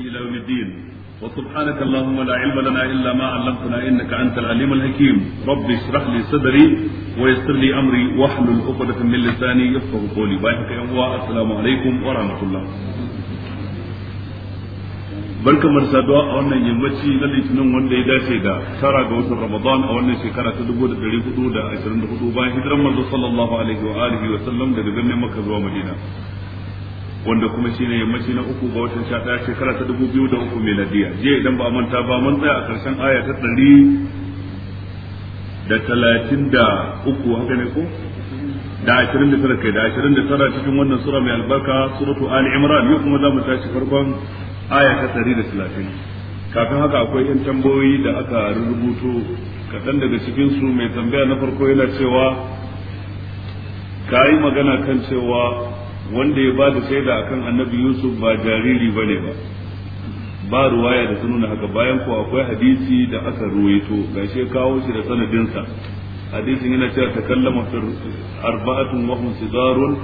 إلى يوم الدين وسبحانك اللهم لا علم لنا إلا ما علمتنا إنك أنت العليم الحكيم رب اشرح لي صدري ويسر لي أمري واحلل عقدة من لساني يفقه قولي بايعك يا السلام عليكم ورحمة الله barka mu saduwa a wannan yammaci na litinin wanda ya dace da tara ga watan ramadan a wannan shekara ta dubu da dari hudu da ashirin da hudu bayan hijiran manzo sallallahu alaihi wa alihi wa sallam daga birnin makka zuwa madina wanda kuma shi ne yammaci na uku ga watan sha ɗaya shekara ta dubu biyu da uku meladiya jiya idan ba a manta ba mun tsaya a ƙarshen aya ta ɗari da talatin da uku haka ne ko da ashirin da tara kai da ashirin da tara cikin wannan sura mai albarka suratu ali imran yau kuma za mu tashi farkon aya ta ɗari da talatin kafin haka akwai yan tambayoyi da aka rubuto kaɗan daga cikinsu mai tambaya na farko yana cewa ka yi magana kan cewa wanda ya ba da shaida akan annabi yusuf ba jariri ba ne ba ba ruwaya da sununa haka bayan ko akwai hadisi da aka ruwaito gashi kawo shi da sanadinsa hadisin yana cewa takallama arba'atun wa hum sidarun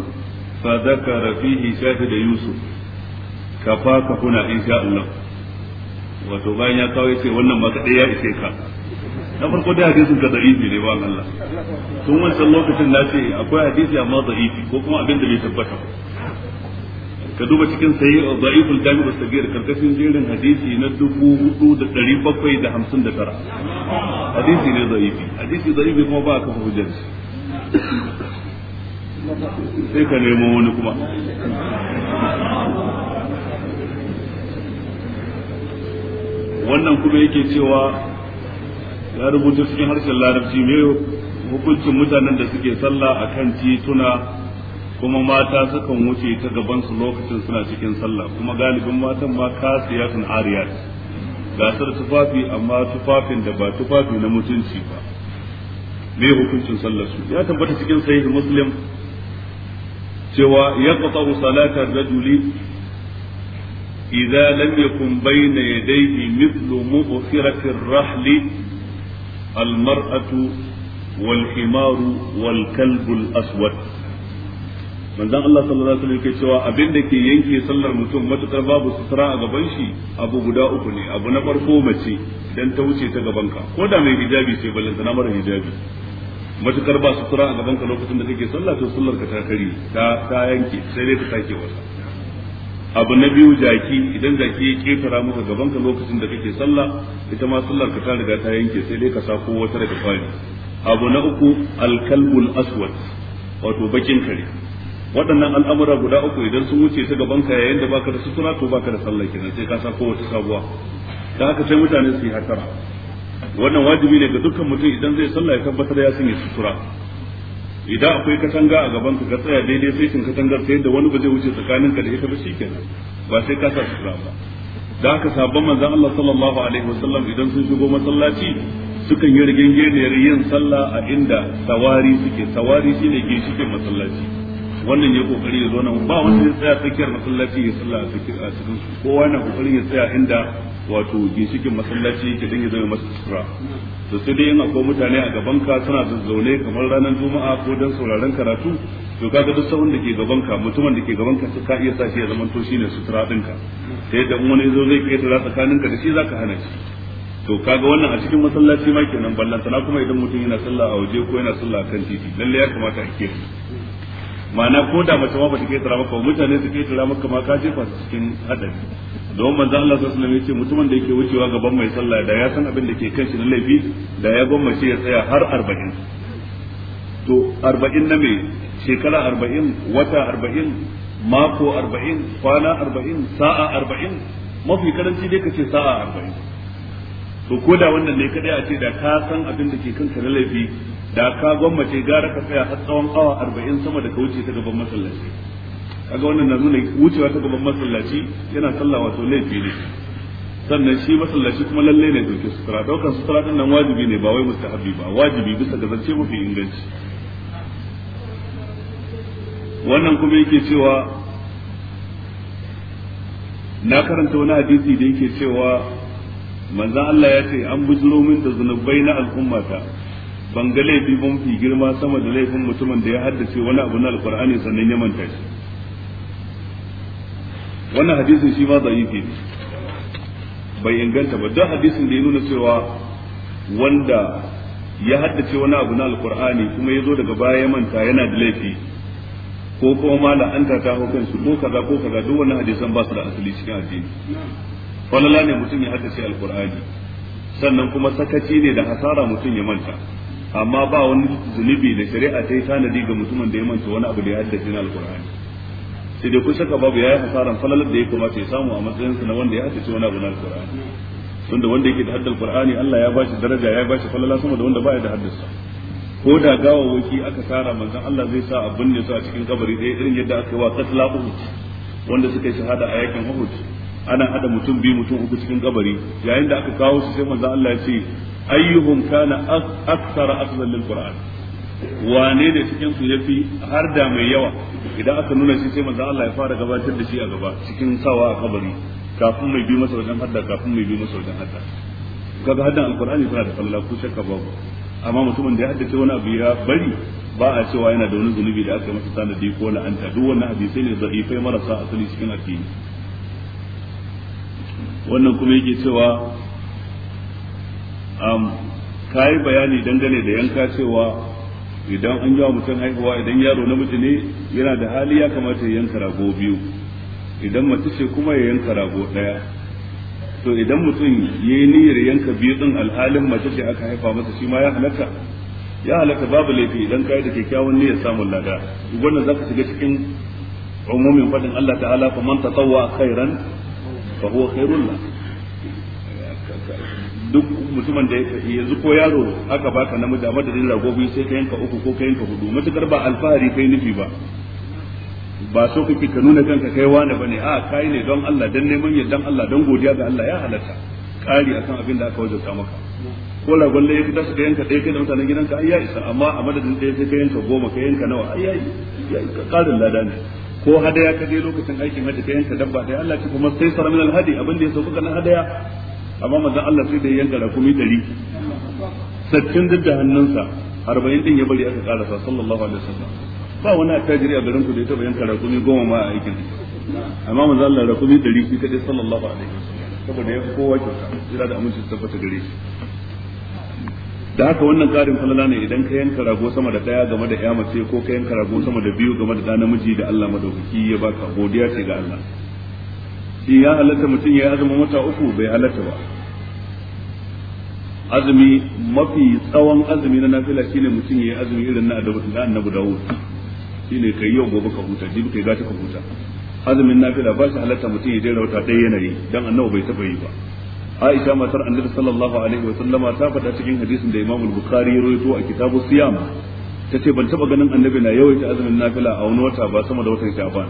fa zakara fihi shahid yusuf kafa ka kuna insha Allah wato bayan ya kawo yace wannan ba kadai ya ishe ka na farko da hadisin ka da'ifi ne ba Allah tun wancan lokacin na ce akwai hadisi amma da'ifi ko kuma abin da bai tabbata ka duba cikin sayi da'iful jami'u sagir karkashin jerin hadisi na dubu hudu da dari bakwai da hamsin da tara hadisi ne da'ifi hadisi da'ifi kuma ba a kafa hujjar sai ka nemo wani kuma wannan kuma yake cewa ya rubuta cikin harshen larabci mai hukuncin mutanen da suke sallah a kan tituna kuma mata sukan wuce ta gabansu lokacin suna cikin sallah kuma galibin matan ma kasiyatun ariyat gasar tufafi amma tufafin da ba tufafi na mutunci ba mai hukuncin sallar su ya tabbata cikin sahih muslim cewa yaqta'u salata rajuli idza lam yakun bayna yadayhi mithlu mu'khirati rahli المرأة والحمار والكلب الأسود manzon Allah sallallahu alaihi wasallam yake cewa abin da ke yanke sallar mutum matukar babu sutura a gaban shi abu guda uku ne abu na farko mace dan ta wuce ta gaban ka ko da mai hijabi sai ballan sana mara hijabi matukar ba sutura a gaban ka lokacin da kake sallah to sallar ka ta kare ta ta yanke sai dai ta sake wasa abu na biyu jaki idan jaki ya ketara maka gaban ka lokacin da kake sallah ita ma sallar ka ta riga ta yanke sai dai ka sa ko wata daga fari abu na uku alkalbul aswad wato bakin kare waɗannan al'amura guda uku idan sun wuce ta gaban ka yayin da baka da sutura to baka da sallah kenan sai ka sa ko wata sabuwa da haka sai mutane su yi hatara wannan wajibi ne ga dukkan mutum idan zai sallah ya tabbatar ya sanya sutura idan akwai katanga a gaban ka ka tsaya daidai sai kin katangar sai da wani ba zai wuce tsakanin ka da ita ba shikenan ba sai ka sa sutura ba da haka sabon manzon Allah sallallahu alaihi wasallam idan sun shigo masallaci sukan yi rigingeniyar yin sallah a inda sawari suke sawari shine ginshikin masallaci wannan ya kokari ya zo nan ba wanda ya tsaya tsakiyar masallaci ya sallah a cikin su kowa na kokarin ya tsaya inda wato ginshikin masallaci ke dan ya zama masa sutura to sai dai yana akwai mutane a gaban ka suna zazzaune kamar ranar juma'a ko dan sauraron karatu to kaga duk sauran da ke gaban ka mutumin da ke gaban ka ka iya sa shi ya zama to shine sutura dinka. sai da wani zo zai tsakanin ka da shi zaka hana shi to kaga wannan a cikin masallaci ma kenan ballan sana kuma idan mutum yana sallah a waje ko yana sallah kan titi lalle ya kamata a kiyaye ma'ana ko da mace ma ba ta ketara maka ba mutane su ketara maka ma ka jefa su cikin hadari don manzo Allah sallallahu alaihi wasallam ya ce mutumin da yake wucewa gaban mai sallah da ya san abin da ke kan shi na laifi da ya gwamma shi ya tsaya har 40 to 40 na me shekara 40 wata 40 mako 40 kwana 40 sa'a 40 mafi karanci dai kace sa'a 40 to ko da wannan ne kadai a ce da ka san abin da ke kan kanka na laifi da ka gwammace gara ka tsaya har tsawon awa arba'in sama da ka wuce ta gaban masallaci kaga wannan na nuna wucewa ta gaban masallaci yana sallah wato laifi ne sannan shi masallaci kuma lalle ne doki sutura daukan sutura din nan wajibi ne ba wai mustahabi ba wajibi bisa ga zance mafi inganci wannan kuma yake cewa na karanta wani hadisi da yake cewa manzan Allah ya ce an bujuro min da zunubai na al'ummata ban ga laifi fi girma sama da laifin mutumin da ya haddace wani abu na alkur'ani sannan ya manta shi wannan hadisin shi ma zaifi ne bai inganta ba don hadisin da ya nuna cewa wanda ya haddace wani abu na alkur'ani kuma ya zo daga baya ya manta yana da laifi ko kuma ma la'anta ta hau kansu ko kaza ko kaza duk wannan hadisan ba su da asali cikin addini falala ne mutum ya haddace alkur'ani sannan kuma sakaci ne da hasara mutum ya manta amma ba wani zunubi da shari'a ta yi tanadi ga mutumin da ya manta wani abu da ya haddace na alkur'ani sai dai kun saka babu yi hasaran falalar da ya kamata ya samu a matsayinsa na wanda ya haddace wani abu na alkur'ani tunda wanda yake da haddar qur'ani Allah ya bashi daraja ya bashi falala sama da wanda baya da haddasa ko da gawawaki aka tara manzon Allah zai sa a binne su a cikin kabari ɗaya irin yadda aka yi wa katla uhud wanda suka yi shahada a yakin uhud ana hada mutum biyu mutum uku cikin kabari yayin da aka kawo su sai manzon Allah ya ce ayyuhum kana akthara akhdhan lil qur'an wane ne cikin su yafi har da mai yawa idan aka nuna shi sai manzo Allah ya fara gabatar da shi a gaba cikin sawa a kabari kafin mai bi masa wajen hadda kafin mai bi masa wajen hadda kaga haddan alqur'ani tana da kallon ku shakka babu amma mutumin da ya haddace wani abu ya bari ba a cewa yana da wani zunubi da aka masa sanadi ko la'anta duk wannan hadisi ne za'ifai marasa asali cikin addini wannan kuma yake cewa ka yi bayani dangane da yanka cewa idan an yi wa mutum haihuwa idan yaro namiji ne yana da hali ya kamata ya yanka rago biyu idan mace ce kuma ya yanka rago ɗaya to idan mutum ya niyyar yanka biyu ɗin alhalin mace ce aka haifa masa shi ma ya halatta ya halatta babu laifi idan ka yi da kyakkyawan niyyar samun lada wannan za ka shiga cikin umumin faɗin Allah ta'ala fa man tatawwa khairan fa huwa khairul duk mutumin da yanzu ko yaro aka baka namiji a madadin rago biyu sai ka yanka uku ko ka yanka hudu matukar ba alfahari kai nufi ba ba so kake ka nuna kanka kai wani bane a kai ne don Allah dan neman don Allah don godiya ga Allah ya halatta kari akan abin da aka wajabta maka ko ragon da yake tashi ka yanka ɗaya kai da mutanen gidanka ai ya isa amma a madadin ɗaya sai ka yanka goma ka yanka nawa ai ya ƙarin lada ne ko hadaya ka je lokacin aikin hajji ka yanka dabba ɗaya Allah kuma sai saramin alhadi abin da ya sauka na hadaya amma manzon Allah sai da yanka rakumi 100 sattin duk da hannunsa 40 din ya bari aka karasa sallallahu alaihi wasallam ba wani attajiri a garin ku da ya taba yanka rakumi goma ma a aikin amma manzon Allah rakumi 100 shi kaɗai sallallahu alaihi wasallam saboda ya kowa kyauta jira da aminci su tabbata gare shi da haka wannan karin falala ne idan ka yanka rago sama da daya game da ƴa mace ko ka yanka rago sama da biyu game da da namiji da Allah madaukaki ya baka godiya ce ga Allah shi ya halatta mutum ya azumi wata uku bai halatta ba azumi mafi tsawon azumi na nafila shine mutum ya azumi irin na adabu da annabi dawud shine kai yau gobe ka huta jibi kai gata ka huta azumin nafila ba shi halatta mutum ya jera wata ɗaya yanayi dan annabu bai taɓa yi ba Aisha matar Annabi sallallahu alaihi wa sallama ta faɗa cikin hadisin da imamu Bukhari ya rawaito a kitabu Siyam tace ban taba ganin annabi na yawaita azumin nafila a wani wata ba sama da watan Sha'ban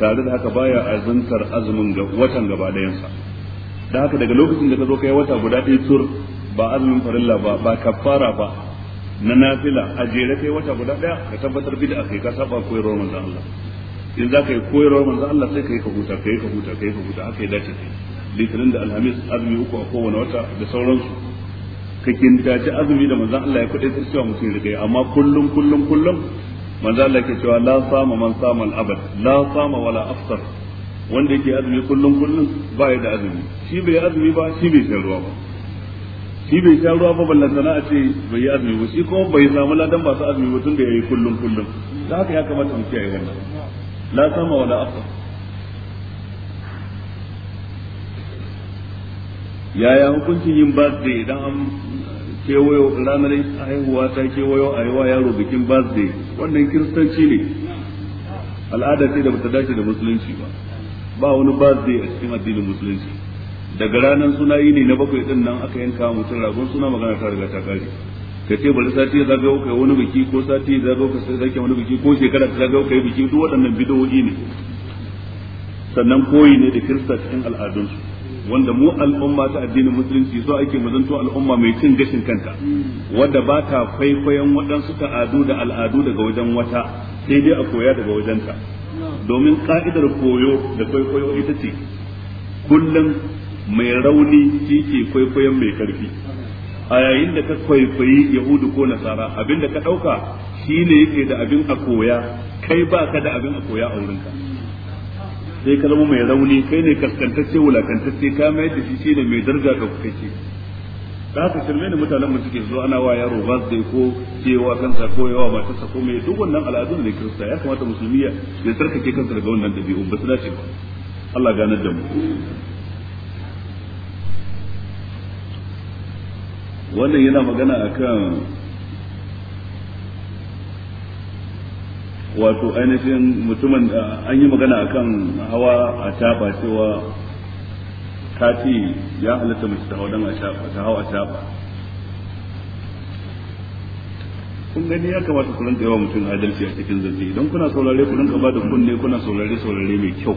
tare da haka baya azantar azumin ga watan gaba dayansa da haka daga lokacin da ka zo kai wata guda ɗaya tur ba azumin farilla ba ba kafara ba na nafila a jere kai wata guda ɗaya ka tabbatar bi da akai ka saba koyarwar manzon Allah in za ka yi koyarwar manzon Allah sai ka yi ka huta ka yi ka huta ka yi ka huta haka ya dace kai litinin da alhamis azumi uku a kowane wata da sauransu ka kintace azumi da manzon Allah ya kuɗe ta cewa mutum ya amma kullum kullum kullum manzo Allah ke cewa la sama man sama al-abad la sama wala afsar wanda yake azumi kullum kullum ba ya da azumi shi bai azumi ba shi bai sha ruwa ba shi bai sha ruwa ba ballan sana a ce bai yi azumi ba shi kuma bai samu ladan ba su azumi ba tun da yayi kullum kullum da haka ya kamata mu kiyaye wannan la sama wala afsar yaya hukuncin yin birthday idan an kewayo ranar haihuwa ta kewayo a yawa yaro bikin birthday wannan kiristanci ne al'ada ce da bata dace da musulunci ba ba wani birthday a cikin addinin musulunci daga ranar suna yi ne na bakwai din nan aka yanka mutum ragon suna magana ta riga ta kare ka ce bari sati ya zagayo kai wani biki ko sati ya zagayo kai zake wani biki ko shekara ta zagayo kai biki duk waɗannan bidowoyi ne sannan koyi ne da kirista cikin al'adunsu wanda mu al'umma ta addinin musulunci so ake muzanto al'umma mai cin gashin kanta wadda ba ta kwaikwayon waɗansu ta'adu da al'adu daga wajen wata sai dai a koya daga wajenta domin ka'idar koyo da kwaikwayo ita ce kullum mai rauni shi ke kwaikwayon mai karfi a yayin da ka kwaikwayi yahudu ko nasara abin da ka ɗauka shi ne yake da abin a koya kai ba ka da abin a koya a wurinka sai ka zama mai rauni kai ne kaskantacce wulakantacce ka mai da shi shi ne mai daraja ga kake da haka shirme ne mutanen mu suke zuwa ana wa yaro ba zai ko cewa kansa ko yawa ta sako mai duk wannan al'adun ne kirista ya kamata musulmi ya tsarkake kansa daga wannan dabi'un ba su dace ba Allah ganar da mu wannan yana magana akan wato ainihin mutumin an yi magana akan hawa a shafa cewa ta ce ya halatta mace ta hawa a shafa ta hawa a shafa kun gani ya kamata ku da yawa mutum adalci a cikin zance idan kuna saurare ku rinka bada kunne kuna saurare saurare mai kyau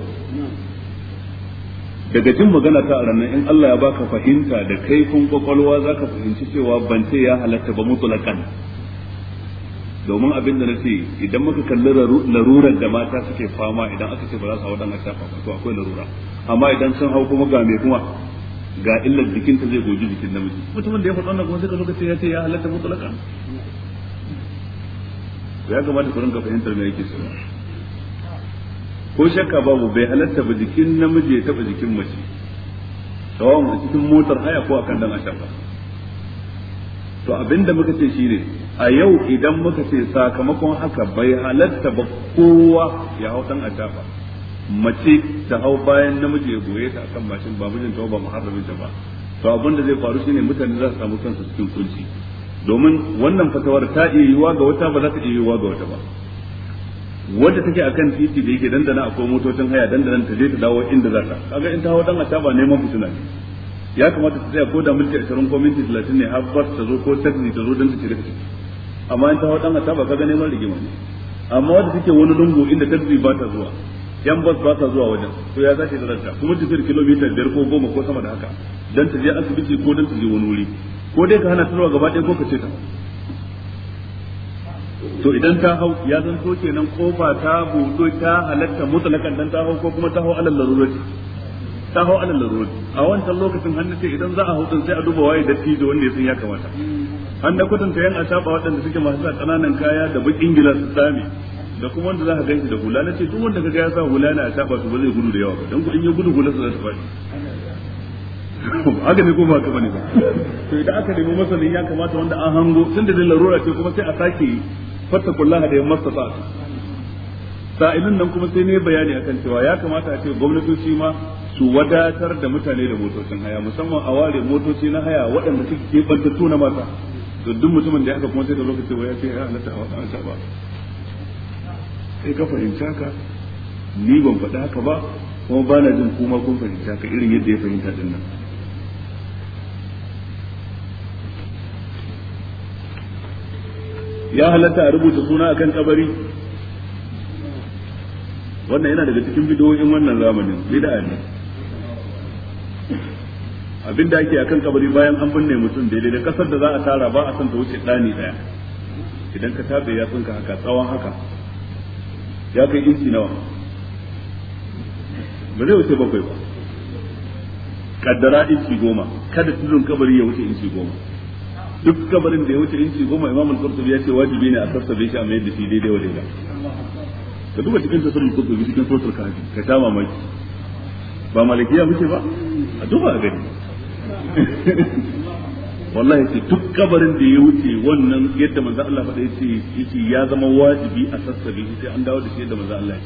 daga jin magana ta a ranar in Allah ya baka fahimta da kaifin kwakwalwa ka fahimci cewa ban ce ya halatta ba kan domin abin da nace idan muka kalli larurar da mata suke fama idan aka ce ba za su hau dan a shafa to akwai larura amma idan sun hau kuma ga me kuma ga illar jikinta zai goji jikin namiji mutumin da ya faɗa wannan kuma sai ka zo ka ce ya ce ya halatta mutlaka ya kamata ku rinka fahimtar me yake cewa ko shakka babu bai halatta ba jikin namiji ya taba jikin mace tawon a cikin motar haya ko akan dan a shafa to abinda muka ce shine a yau idan muka ce sakamakon haka bai halatta ba kowa ya hau dan ajaba mace ta hau bayan namiji ya goye ta akan mashin ba mijin ba muharramin ta ba to abin da zai faru shine mutane za su samu kansu cikin kunci domin wannan fatawar ta iya yiwuwa ga wata ba za ta iya yiwuwa ga wata ba wadda take akan titi da yake dandana akwai motocin haya dandanan ta je ta dawo inda za ta kaga in ta hau dan ataba neman fitina ne ya kamata ta tsaya ko da minti ashirin ko minti talatin ne har ta zo ko taxi ta zo don ta cire ciki amma in ta hau dan ka kaga neman rigima ne amma wanda take wani lungu inda taxi ba ta zuwa yan bas ba ta zuwa wajen to ya za ta ranta, kuma tafiyar kilomita biyar ko goma ko sama da haka don ta je asibiti ko don ta je wani wuri ko dai ka hana tarwa gaba ɗaya ko ka ce ta to idan ta hau ya zanto kenan kofa ta buɗo ta halatta mutlakan dan ta hau ko kuma ta hau alal larurati ta hau alal laruri a wancan lokacin hannu ce idan za a hutun sai a duba waye da tijo wanda ya san ya kamata an da kwatanta a shafa waɗanda suke masu sa ƙananan kaya da bukin gilas su sami da kuma wanda za ka ganshi da hula na ce duk wanda kaga ya sa hula na shafa su ba zai gudu da yawa ba don in ya gudu hula su za su fashi haka ne ko ba kama ne ba to idan aka nemi masanin ya kamata wanda an hango tun da larura ce kuma sai a sake fata kullaha da masa sa sa'ilin nan kuma sai ne bayani akan cewa ya kamata a ce gwamnatoci ma su wadatar da mutane da motocin haya musamman a ware motoci na haya waɗanda suke keɓantattu na mata to duk mutumin da ya kuma sai da lokaci wa ya ce ya halatta a wata ba sai ka fahimta ka ni ban faɗa haka ba kuma ba na jin kuma kun fahimta ka irin yadda ya fahimta din nan ya halatta a rubuta suna akan kabari wannan yana daga cikin in wannan zamanin bid'a ne Abin da ake akan kabari bayan an binne mutum daidai da kasar da za a tara ba a san ta wuce dani daya idan ka tabe ya tsinka haka tsawon haka ya kai inci nawa ba zai wuce bakwai ba kaddara inci goma kada tudun kabari ya wuce inci goma duk kabarin da ya wuce inci goma imam al-qurtubi ya ce wajibi ne a sassabe shi a mayar da shi daidai wa daidai ka duba cikin tasirin qurtubi cikin sosar kaji ka sha mamaki ba malikiya muke ba a duba a gani wallahi ce duk kabarin da ya wuce wannan yadda manzo Allah faɗa yace yace ya zama wajibi a sassabe sai an dawo da shi yadda manzo Allah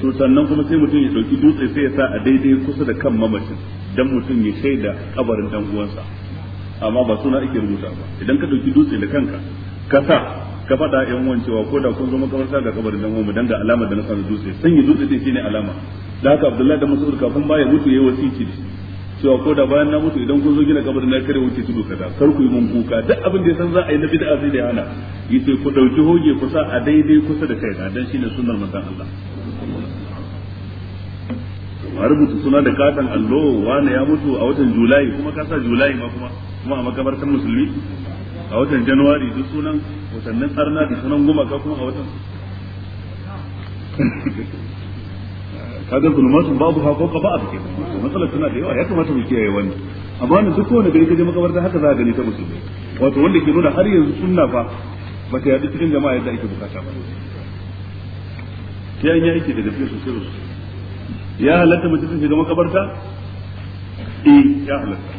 ce to sannan kuma sai mutum ya dauki dutse sai ya sa a daidai kusa da kan mamacin dan mutum ya shaida kabarin dan uwansa amma ba suna ake rubuta ba idan ka dauki dutse da kanka ka sa ka faɗa yan uwan cewa ko da kun zo makabarta ga kabarin dan mu dan ga alama da na sa dutse sanya dutse din shine alama da haka Abdullahi da Mas'ud kafin ba ya mutu yayi wasiyi cewa ko da bayan na mutu idan kun zo gina kabarin na kare wuce tudu kaza kar ku yi mun kuka duk abin da san za a yi na bid'a sai da yana yi sai ku dauki hoge kusa a daidai kusa da kai dan shine sunnar manzon Allah ma mutu suna da katan allo wani ya mutu a watan julai kuma kasa julai ma kuma kuma a makabartar musulmi a watan januwari duk sunan watannin arna da sunan gumaka kuma a watan kaga zulmatun babu ha ko ba a fike matsalar tana da yawa ya kamata mu kiyaye wannan amma ne duk wanda gari kaje makabarta haka za ka gani ta musulmi wato wanda ke nuna har yanzu sunna fa ba ta yadda cikin jama'a yadda ake bukata ba sai an yi aiki da gaske sosai sosai ya halatta mace ta shiga makabarta eh ya halatta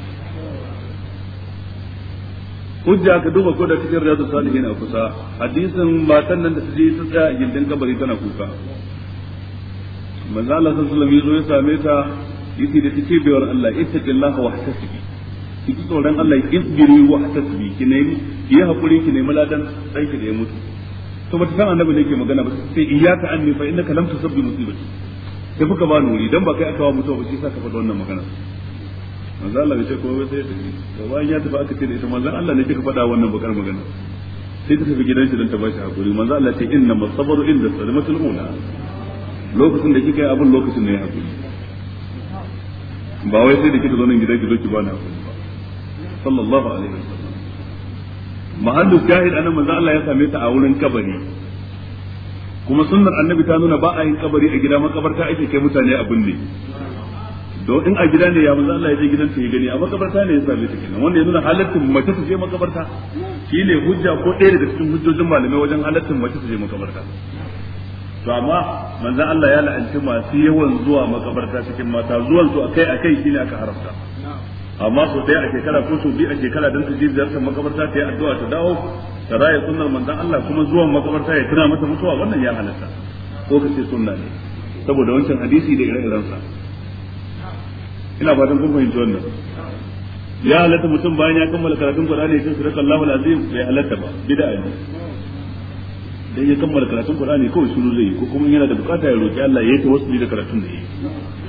hujja ka duba ko da cikin riyadu salihin a kusa hadisin matan nan da su je su tsaya a gindin kabari tana kuka manzo Allah sallallahu alaihi wasallam ya same ta yace da take bayar Allah ittaqillaha wa hasasibi kiki tsoron Allah isbiri wa hasasibi ki nemi ki hakuri ki nemi ladan dan ki da ya mutu to bata san annabi ne yake magana ba sai iyyaka anni fa innaka lam tusabbi musibati sai fuka ba nuri dan ba kai aka wa mutuwa ba shi yasa ka faɗa wannan magana manzo Allah ya ce ko sai ta ce to bayan ya tafi aka ce da ita manzo Allah ne kika faɗa wannan bakar magana sai ta tafi gidan shi dan ta bashi hakuri manzo Allah ya ce inna masabru inda salmatul ula lokacin da kika yi abin lokacin ne ya hakuri ba wai sai da kika zo nan gida ki zo ki bani hakuri ba sallallahu alaihi wasallam mahallu shahid anan manzo Allah ya same ta a wurin kabari kuma sunnar annabi ta nuna ba a yin kabari a gida makabarta ake kai mutane abin ne don in a gida ne ya manzo Allah ya je gidan ta ya gani a makabarta ne ya same ta kenan wanda ya nuna halattun mace ta je makabarta shine hujja ko ɗaya daga cikin hujjojin malamai wajen halattun mace ta je makabarta to amma manzon Allah ya la'anci masu yawan zuwa makabarta cikin mata zuwan su akai akai shine aka haramta amma so dai a shekara ko so biyu a shekara dan su je ziyartar makabarta ta yi addu'a ta dawo ta raya sunnar manzon Allah kuma zuwan makabarta ya tuna mata mutuwa wannan ya halatta ko kace sunna ne saboda wancan hadisi da ire-iren sa ina fatan kun fahimci wannan ya halatta mutum bayan ya kammala karatun Qur'ani ya ce sadaqa Allahu azim bai halatta ba bid'a ne sai ya kammala karatun Qur'ani kawai shiru zai yi ko kuma yana da bukata ya roki Allah ya yi tawassuli da karatun da yi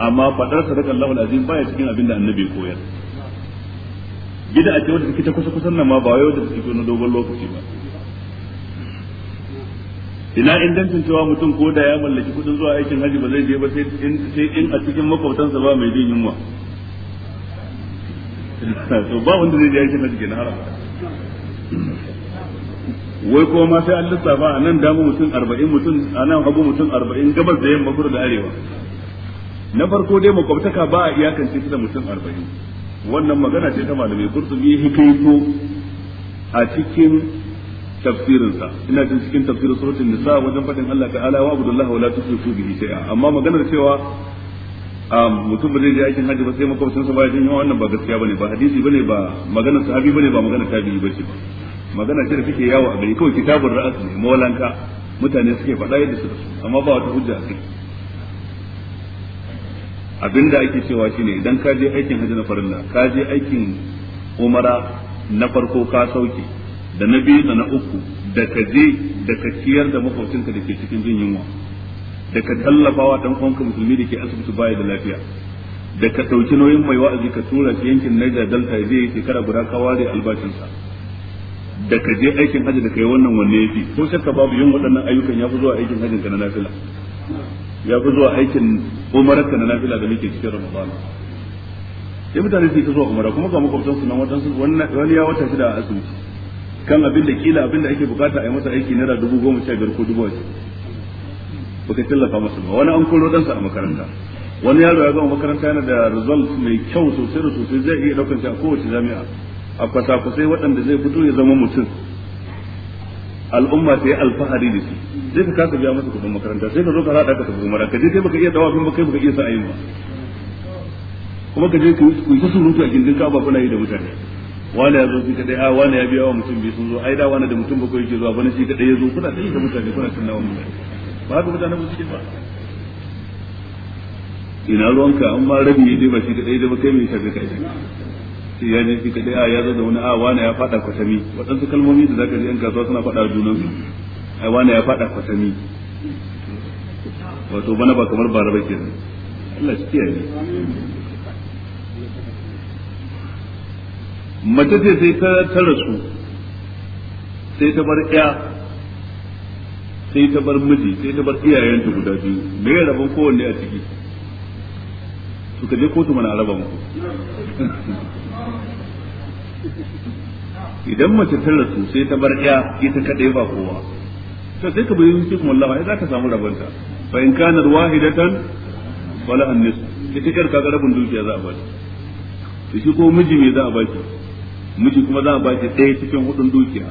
amma fadar sadakallahu alazim baya cikin abin da annabi ya koyar bid'a ce wadda take ta kusa kusan nan ma ba wai wadda kike na dogon lokaci ba ina ingancin cewa mutum ko da ya mallaki kudin zuwa aikin haji ba zai je ba sai in a cikin makwabtansa ba mai jin yunwa to ba wanda zai je aikin haji ke na haram wai ko ma sai an lissafa a nan damu mutum arba'in mutum a nan hagu mutum arba'in gabas da yamma kudu da arewa na farko dai makwabtaka ba a iyakance ta da mutum arba'in wannan magana ce ta malamai kurtubi yi hikaito a cikin tafsirinsa ina jin cikin tafsirin suratul nisa wajen faɗin Allah Ala wa abudullahi wa la tushriku bihi shay'a amma maganar cewa um, mutum ba zai je aikin hajji ba sai makwabcinsa ba ya jin yawa wannan ba gaskiya bane ba hadisi bane ba maganar sahabi bane ba maganar tabi'i bace ba magana ce da take yawo a gari kawai kitabun ra'as ne molanka mutane suke faɗa yadda su amma ba wata hujja a kai abinda ake cewa shine idan ka je aikin hajji na farilla ka je aikin umara na farko ka sauke da na biyu da na uku da ka je da ka ciyar da makwabcinka da ke cikin jin yunwa da ka tallafawa dan uwanka musulmi da ke asibiti baya da lafiya da ka ɗauki nauyin mai wa'azi ka tura shi yankin Niger Delta zai yi shekara guda ka ware albashinsa da ka je aikin hajji da kai wannan wanne yafi ko shakka babu yin waɗannan ayyukan ya fi zuwa aikin hajjin ka na nafila ya fi zuwa aikin umarar ka na nafila da muke cikin ramadan sai mutane su yi ta zuwa umara kuma ga makwabtansu nan waɗansu wani ya wata shida a asibiti kan abin da kila abin da ake bukata a yi masa aiki naira dubu goma sha biyar ko dubu ashirin baka tallafa masa ba wani an koro ɗansa a makaranta wani yaro ya zama makaranta yana da result mai kyau sosai da sosai zai iya ɗaukar shi a kowace jami'a a kwasa waɗanda zai fito ya zama mutum al'umma ta yi alfahari da su sai ka kasa biya masa kudin makaranta sai ka zo ka haɗa ka tafi umara ka je kai baka iya dawa kuma kai baka iya sa ayyuka kuma ka je ku yi surutu a gindin kaba kuna yi da mutane wani ya zo shi kadai a wani ya biya wa mutum biyu sun zo ai da wani da mutum bakwai yake zuwa bani shi kadai ya zo kuna tsaye da mutane kuna nawa mutane ba haka mutane ba suke ba ina ruwanka amma rabi ne ba shi kadai da ba kai mai shafi kai sai ya je shi a ya zo da wani a wani ya fada kwatami waɗansu kalmomi da zaka ji yan kasuwa suna faɗa junan su ai wani ya fada kwatami wato bana ba kamar bara ba kenan Allah shi kiyaye mace ce sai ta tara su sai ta bar ya sai ta bar miji sai ta bar iyayenta guda biyu me ya rabon kowanne a ciki suka je kotu mana raba muku idan mace ta rasu sai ta bar ɗaya ita kaɗai ba kowa to sai ka bi hukumin Allah ai zaka samu rabonta fa in kana wahidatan wala annis ita kar ka ga rabin dukiya za a baki to shi ko miji me za a baki miji kuma za a baki ɗaya cikin hudun dukiya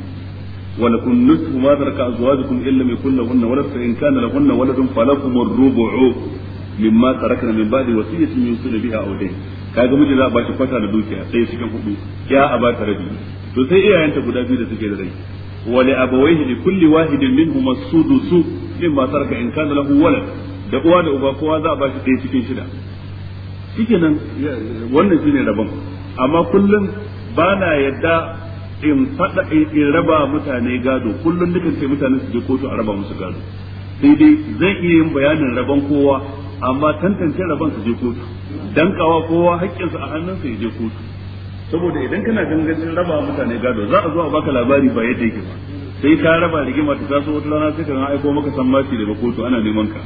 wala kun nisfu ma taraka azwajukum illa ma kunna lahunna wala fa in kana lahunna waladun falakum ar-rubu'u mimma tarakna min ba'di wasiyatin yusuna biha aw dayn kaga miji za a bashi kwata da dukiya sai cikin hudu ya a baka rabi to sai iyayenta guda biyu da suke da rai wa li abawayhi li kulli wahidin minhum as-sudus ma taraka in kana lahu walad da uwa da uba kowa za a bashi ɗaya cikin shida shikenan wannan shine rabon amma kullum ba na yadda in fada in raba mutane gado kullum dukan sai mutane su je kotu a raba musu gado sai dai zan iya yin bayanin rabon kowa amma tantance rabon su je kotu dan kawa kowa su a hannunsa ya je kotu saboda idan kana gangancin raba mutane gado za a zo a baka labari ba yadda yake ba sai ka raba rigima ta taso wata rana sai ka ga aiko maka sammaci daga kotu ana neman ka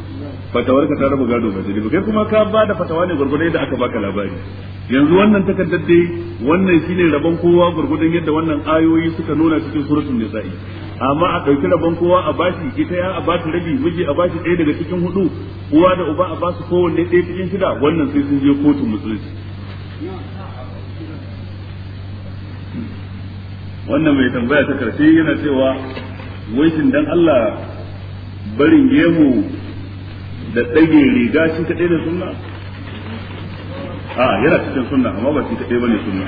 fatawar ka ta raba gado ba daidai ba kai kuma ka ba da fatawa ne gurgurdan yadda aka baka labari yanzu wannan takardar dai wannan shine rabon kowa gurgurdan yadda wannan ayoyi suka nuna cikin suratul nisa'i amma a ɗauki rabon kowa a bashi ita ya a bashi rabi miji a bashi ɗaya daga cikin hudu uwa da uba a basu kowanne ɗaya cikin shida wannan sai sun je kotun musulunci wannan mai tambaya ta karshe yana cewa wai dan Allah barin yemu da ɗage riga shi kaɗai da sunna a yana cikin sunna amma ba shi kaɗai ne sunna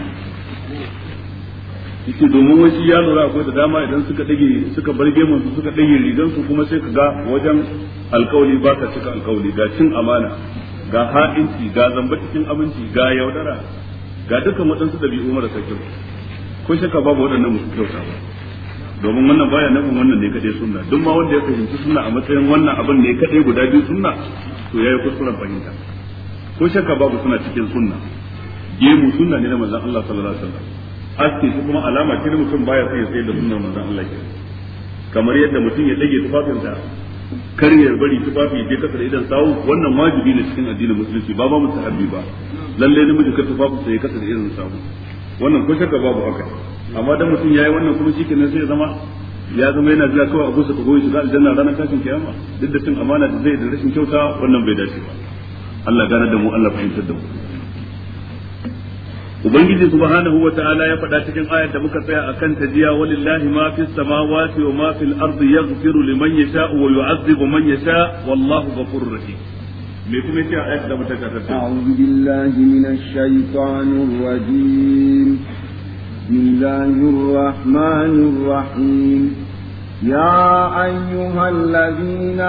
yake domin wasu ya lura akwai da dama idan suka dage suka bar gemun su suka dage rigan su kuma sai ka ga wajen alkawali ba ka cika alkawali ga cin amana ga ha'inci ga zamba cikin aminci ga yaudara ga dukkan waɗansu ɗabi'u marasa kyau ko shaka babu waɗannan musu kyauta ba domin wannan baya nufin wannan ne kaɗai sunna duk ma wanda ya fahimci sunna a matsayin wannan abin ne kaɗai guda biyu sunna to ya yi kuskuren fahimta ko shaka babu suna cikin sunna gemu sunna ne na manzon Allah sallallahu alaihi wasallam aske shi kuma alama ce na mutum baya sai ya da sunan manzon Allah ke kamar yadda mutum ya dage tufafinsa kar ya bari tufafi ya je kasa da idan sawu wannan wajibi ne cikin addinin musulunci ba ba mustahabbi ba lalle mutum ka tufafi sai ya kasa da idan sawu wannan ko shakka babu haka amma dan mutum yayi wannan kuma shikenan sai ya zama ya zama yana jira kawai abu su ka goyi shiga aljanna ranar tashin kiyama duk da cin amana da zai da rashin kyauta wannan bai dace ba Allah gane da mu Allah fahimtar da mu ubangiji subhanahu wa ta'ala ya faɗa cikin ayar da muka tsaya a kan tajiya walillahi ma fis samawati wa ma fil ardi yaghfiru liman yasha'u wa yu'adhibu man yasha' wallahu ghafurur rahim me kuma yace a ayar da muka tsaya a'udhu billahi minash shaitanir rajim bismillahir rahmanir rahim يا أيها الذين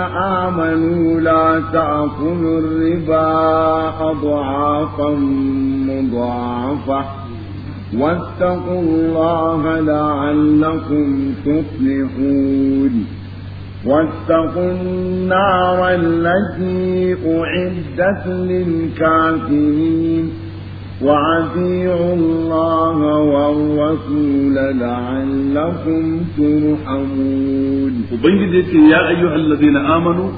آمنوا لا تأكلوا الربا أضعافا مضاعفة واتقوا الله لعلكم تفلحون واتقوا النار التي أعدت للكافرين وأطيعوا الله والرسول لعلكم ترحمون وبنجد يا أيها الذين آمنوا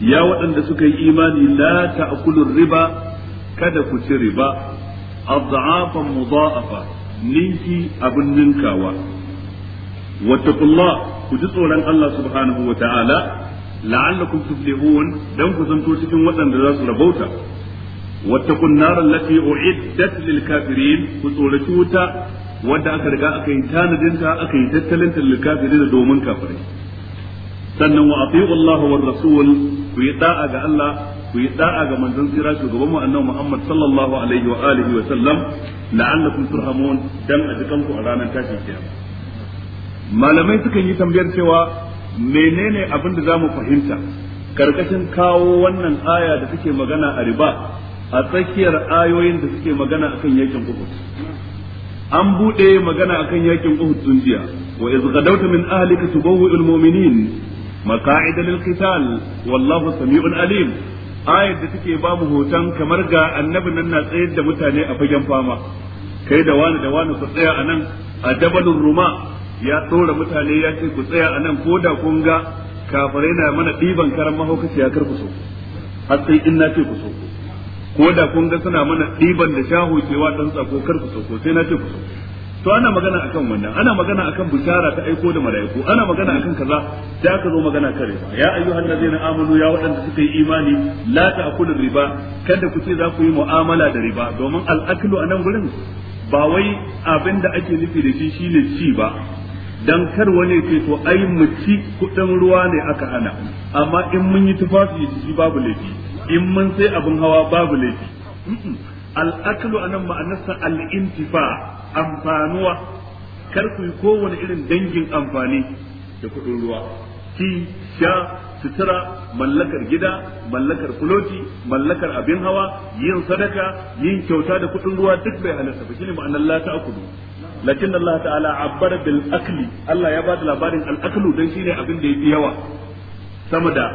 يا وأن سكي إيماني لا تأكلوا الربا kada ku ci riba adza'afan mudha'afa ninki abin ninkawa wattaqullah ku ji tsoron Allah subhanahu wa ta'ala la'allakum tuflihun dan ku zanto cikin waɗanda za su rabauta wattaqun nar allati u'iddat lil kafirin ku tsoraci wuta wanda aka riga aka yi tanadin ta aka yi tattalin ta domin kafirai sannan wa ati'u Allah war rasul ku yi da'a ga Allah ku yi da'a ga manzon tsira shugaban mu annabi Muhammad sallallahu alaihi wa alihi wa sallam la'allakum turhamun dan a jikan ku a ranar tashi kiyama malamai sukan yi tambayar cewa menene abin da zamu fahimta karkashin kawo wannan aya da suke magana a riba a tsakiyar ayoyin da suke magana akan yakin Uhud an bude magana akan yakin Uhud tun jiya wa iz gadawta min ahlika tubawwi'ul mu'minin مقاعد للقتال والله سميع alim. ayar da take ba mu hoton kamar ga annabi nan na tsayar da mutane a fagen fama kai da wani da wani ku tsaya a nan a dabalin ruma ya tsora mutane ya ce ku tsaya a nan ko da kun ga kafirai na mana ɗiban karan mahaukaci ya karku so har sai in na ce ku so ko da kun ga suna mana ɗiban da shahu cewa dan tsako karku so ko sai na ce ku so to ana magana akan wannan ana magana akan bishara ta aiko da mala'iku ana magana akan kaza da aka zo magana kare. riba ya ayyuhan ladina amanu ya wadanda suka yi imani la ta'kulu riba kada ku ce za ku yi mu'amala da riba domin al'aklu a nan gurin ba wai abin da ake nufi da shi shine ci ba dan kar wani ce to ai mu ci kudin ruwa ne aka hana amma in mun yi tufafi shi babu laifi in mun sai abin hawa babu laifi al'aklu anan ma'anarsa al-intifa' amfanuwa kar ku yi kowane irin dangin amfani da kuɗin ruwa ki sha sutura mallakar gida mallakar kuloti mallakar abin hawa yin sadaka yin kyauta da kuɗin ruwa duk bai halarta ba shine ma'anar la akulu lakin Allah ta'ala abbar bil akli Allah ya bada labarin al aklu dan shine abin da yafi yawa sama da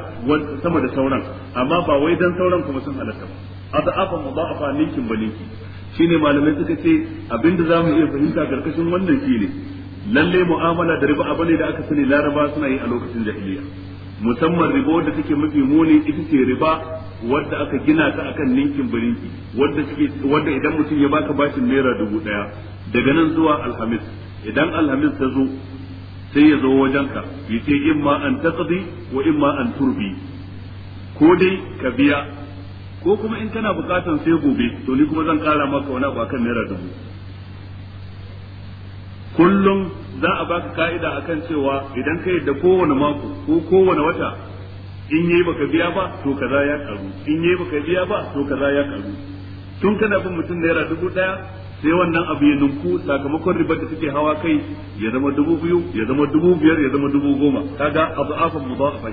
sama da sauran amma ba wai dan sauran kuma sun halarta ba adafa mudafa ninkin ba ninki shine malamai suka ce abinda zamu iya fahimta karkashin wannan shine lalle mu'amala da riba abane da aka sani laraba suna yi a lokacin jahiliya musamman riba wadda take mafi muni ita ce riba wadda aka gina ta akan ninkin birinki wadda take wadda idan mutum ya baka bashin naira dubu daya daga nan zuwa alhamis idan alhamis ta zo sai ya zo wajenka yace ce imma an taqdi wa imma an turbi ko dai ka biya ko kuma in kana bukatan sai gobe to ni kuma zan kara maka wani abu akan naira dubu kullum za a baka ka'ida akan cewa idan ka yadda kowane mako ko kowane wata in yayi baka biya ba to kaza ya karu in yayi baka biya ba to kaza ya karu tun kana bin mutum naira dubu daya sai wannan abu ya ninku sakamakon ribar da take hawa kai ya zama dubu biyu ya zama dubu biyar ya zama dubu goma kaga abu afan mu ba a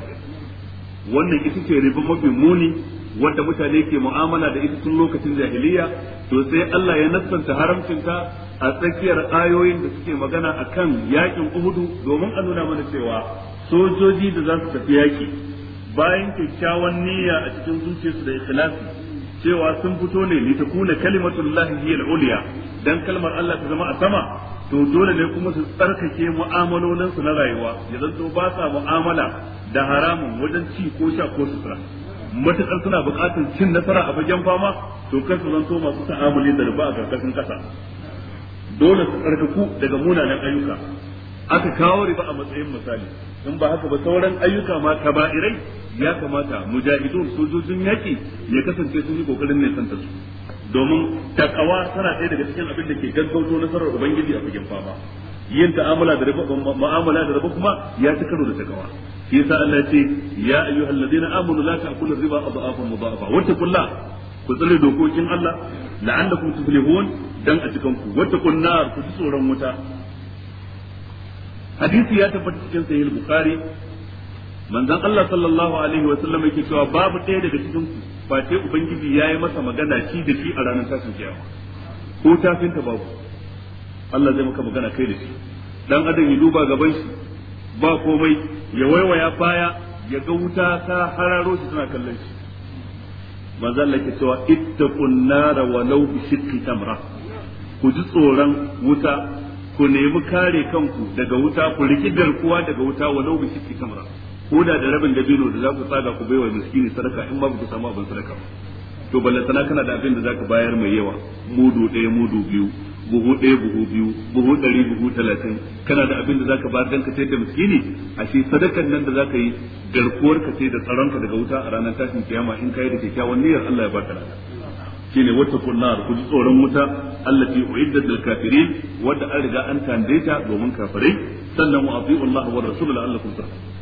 wannan ita ce riba mafi muni wanda mutane ke mu'amala da ita tun lokacin jahiliya to sai Allah ya nassanta haramcinta a tsakiyar ayoyin da suke magana akan yakin Uhudu domin a nuna mana cewa sojoji da za su tafi yaki bayan kyakkyawan niyya a cikin zuciyarsu da ikhlasi cewa sun fito ne li takuna kalimatullahi hiya al-ulya dan kalmar Allah ta zama a sama to dole ne kuma su tsarkake mu'amalolinsu na rayuwa ya zanto ba sa mu'amala da haramun wajen ci ko sha ko sutura Matuƙar suna buƙatar cin nasara a fagen fama to kar su zanto masu ta'amuli da riba a karkashin ƙasa dole su ku daga munanan ayyuka aka kawo riba a matsayin misali in ba haka ba sauran ayyuka ma kaba'irai ya kamata mujahidun sojojin yaƙi ya kasance sun yi ƙoƙarin ne santa su domin takawa tana ɗaya daga cikin abin da ke gaggauto nasarar ubangiji a fagen fama yin ta'amala da riba mu'amala da riba kuma ya ci karo da takawa shi yasa Allah ce ya ayyuhal ladina amanu la ta'kulu riba adafan mudafa wata kullu ku tsare dokokin Allah la'allakum tuflihun dan a cikin ku wata kunnar ku ji tsoron wuta hadisi ya tabbata cikin sahih bukhari manzon Allah sallallahu alaihi wa sallam yake cewa babu ɗaya daga cikin ku ba sai ubangiji yayi masa magana shi da shi a ranar tashin kiyama ko tafinta babu Allah zai maka magana kai da shi dan adam ya duba gaban shi ba komai ya waiwaya baya ya ga wuta ta hararo shi tana kallon shi manzo Allah ke cewa ittaqun nara walau bi shiqqi tamra ku ji tsoron wuta ku nemi kare kanku daga wuta ku riki garkuwa daga wuta walau bi shiqqi tamra ko da da rabin dabino da za ku tsaga ku baiwa miskini sadaka in ba ku samu abin sadaka to sana kana da abin da zaka bayar mai yawa mudu ɗaya mudu biyu buhu ɗaya buhu biyu buhu ɗari buhu talatin kana da abin da zaka ba dan ka da miskini ashe sadakan nan da zaka yi garkuwar ka sai da tsaron ka daga wuta a ranar tashin kiyama in kai da kyakkyawan niyyar Allah ya baka lada shine wata kullar ku ji tsoron wuta allati uiddat lil kafirin wadda an riga an tandeta domin kafirai sannan wa ati'u Allah wa rasul la'allakum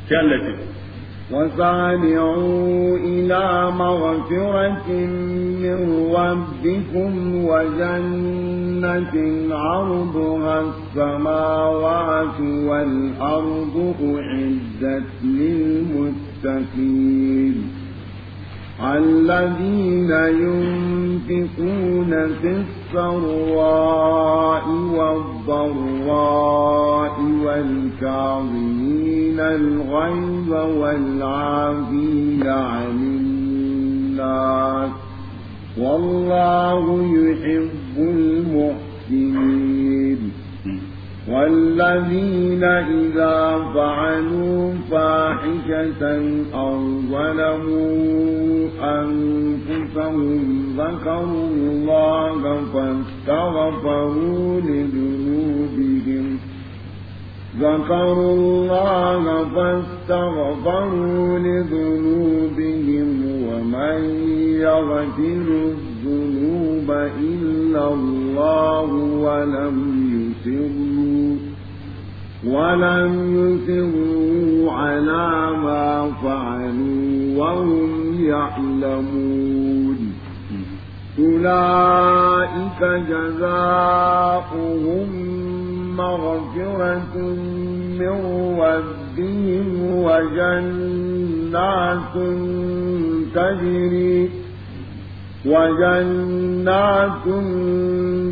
sai Allah ya وسارعوا إلى مغفرة من ربكم وجنة عرضها السماوات والأرض أعدت للمتقين الذين ينفقون في السراء والضراء والكاظمين الغيظ والعافين عن الناس والله يحب المحسنين والذين إذا فعلوا فاحشة أو ظلموا أنفسهم ذكروا الله فاستغفروا لذنوبهم ذكروا الله فاستغفروا لذنوبهم ومن يغفر الذنوب إلا الله ولم يصروا ولم يصروا على ما فعلوا وهم يعلمون أولئك جزاؤهم مغفرة من ربهم وجنات تجري وجنات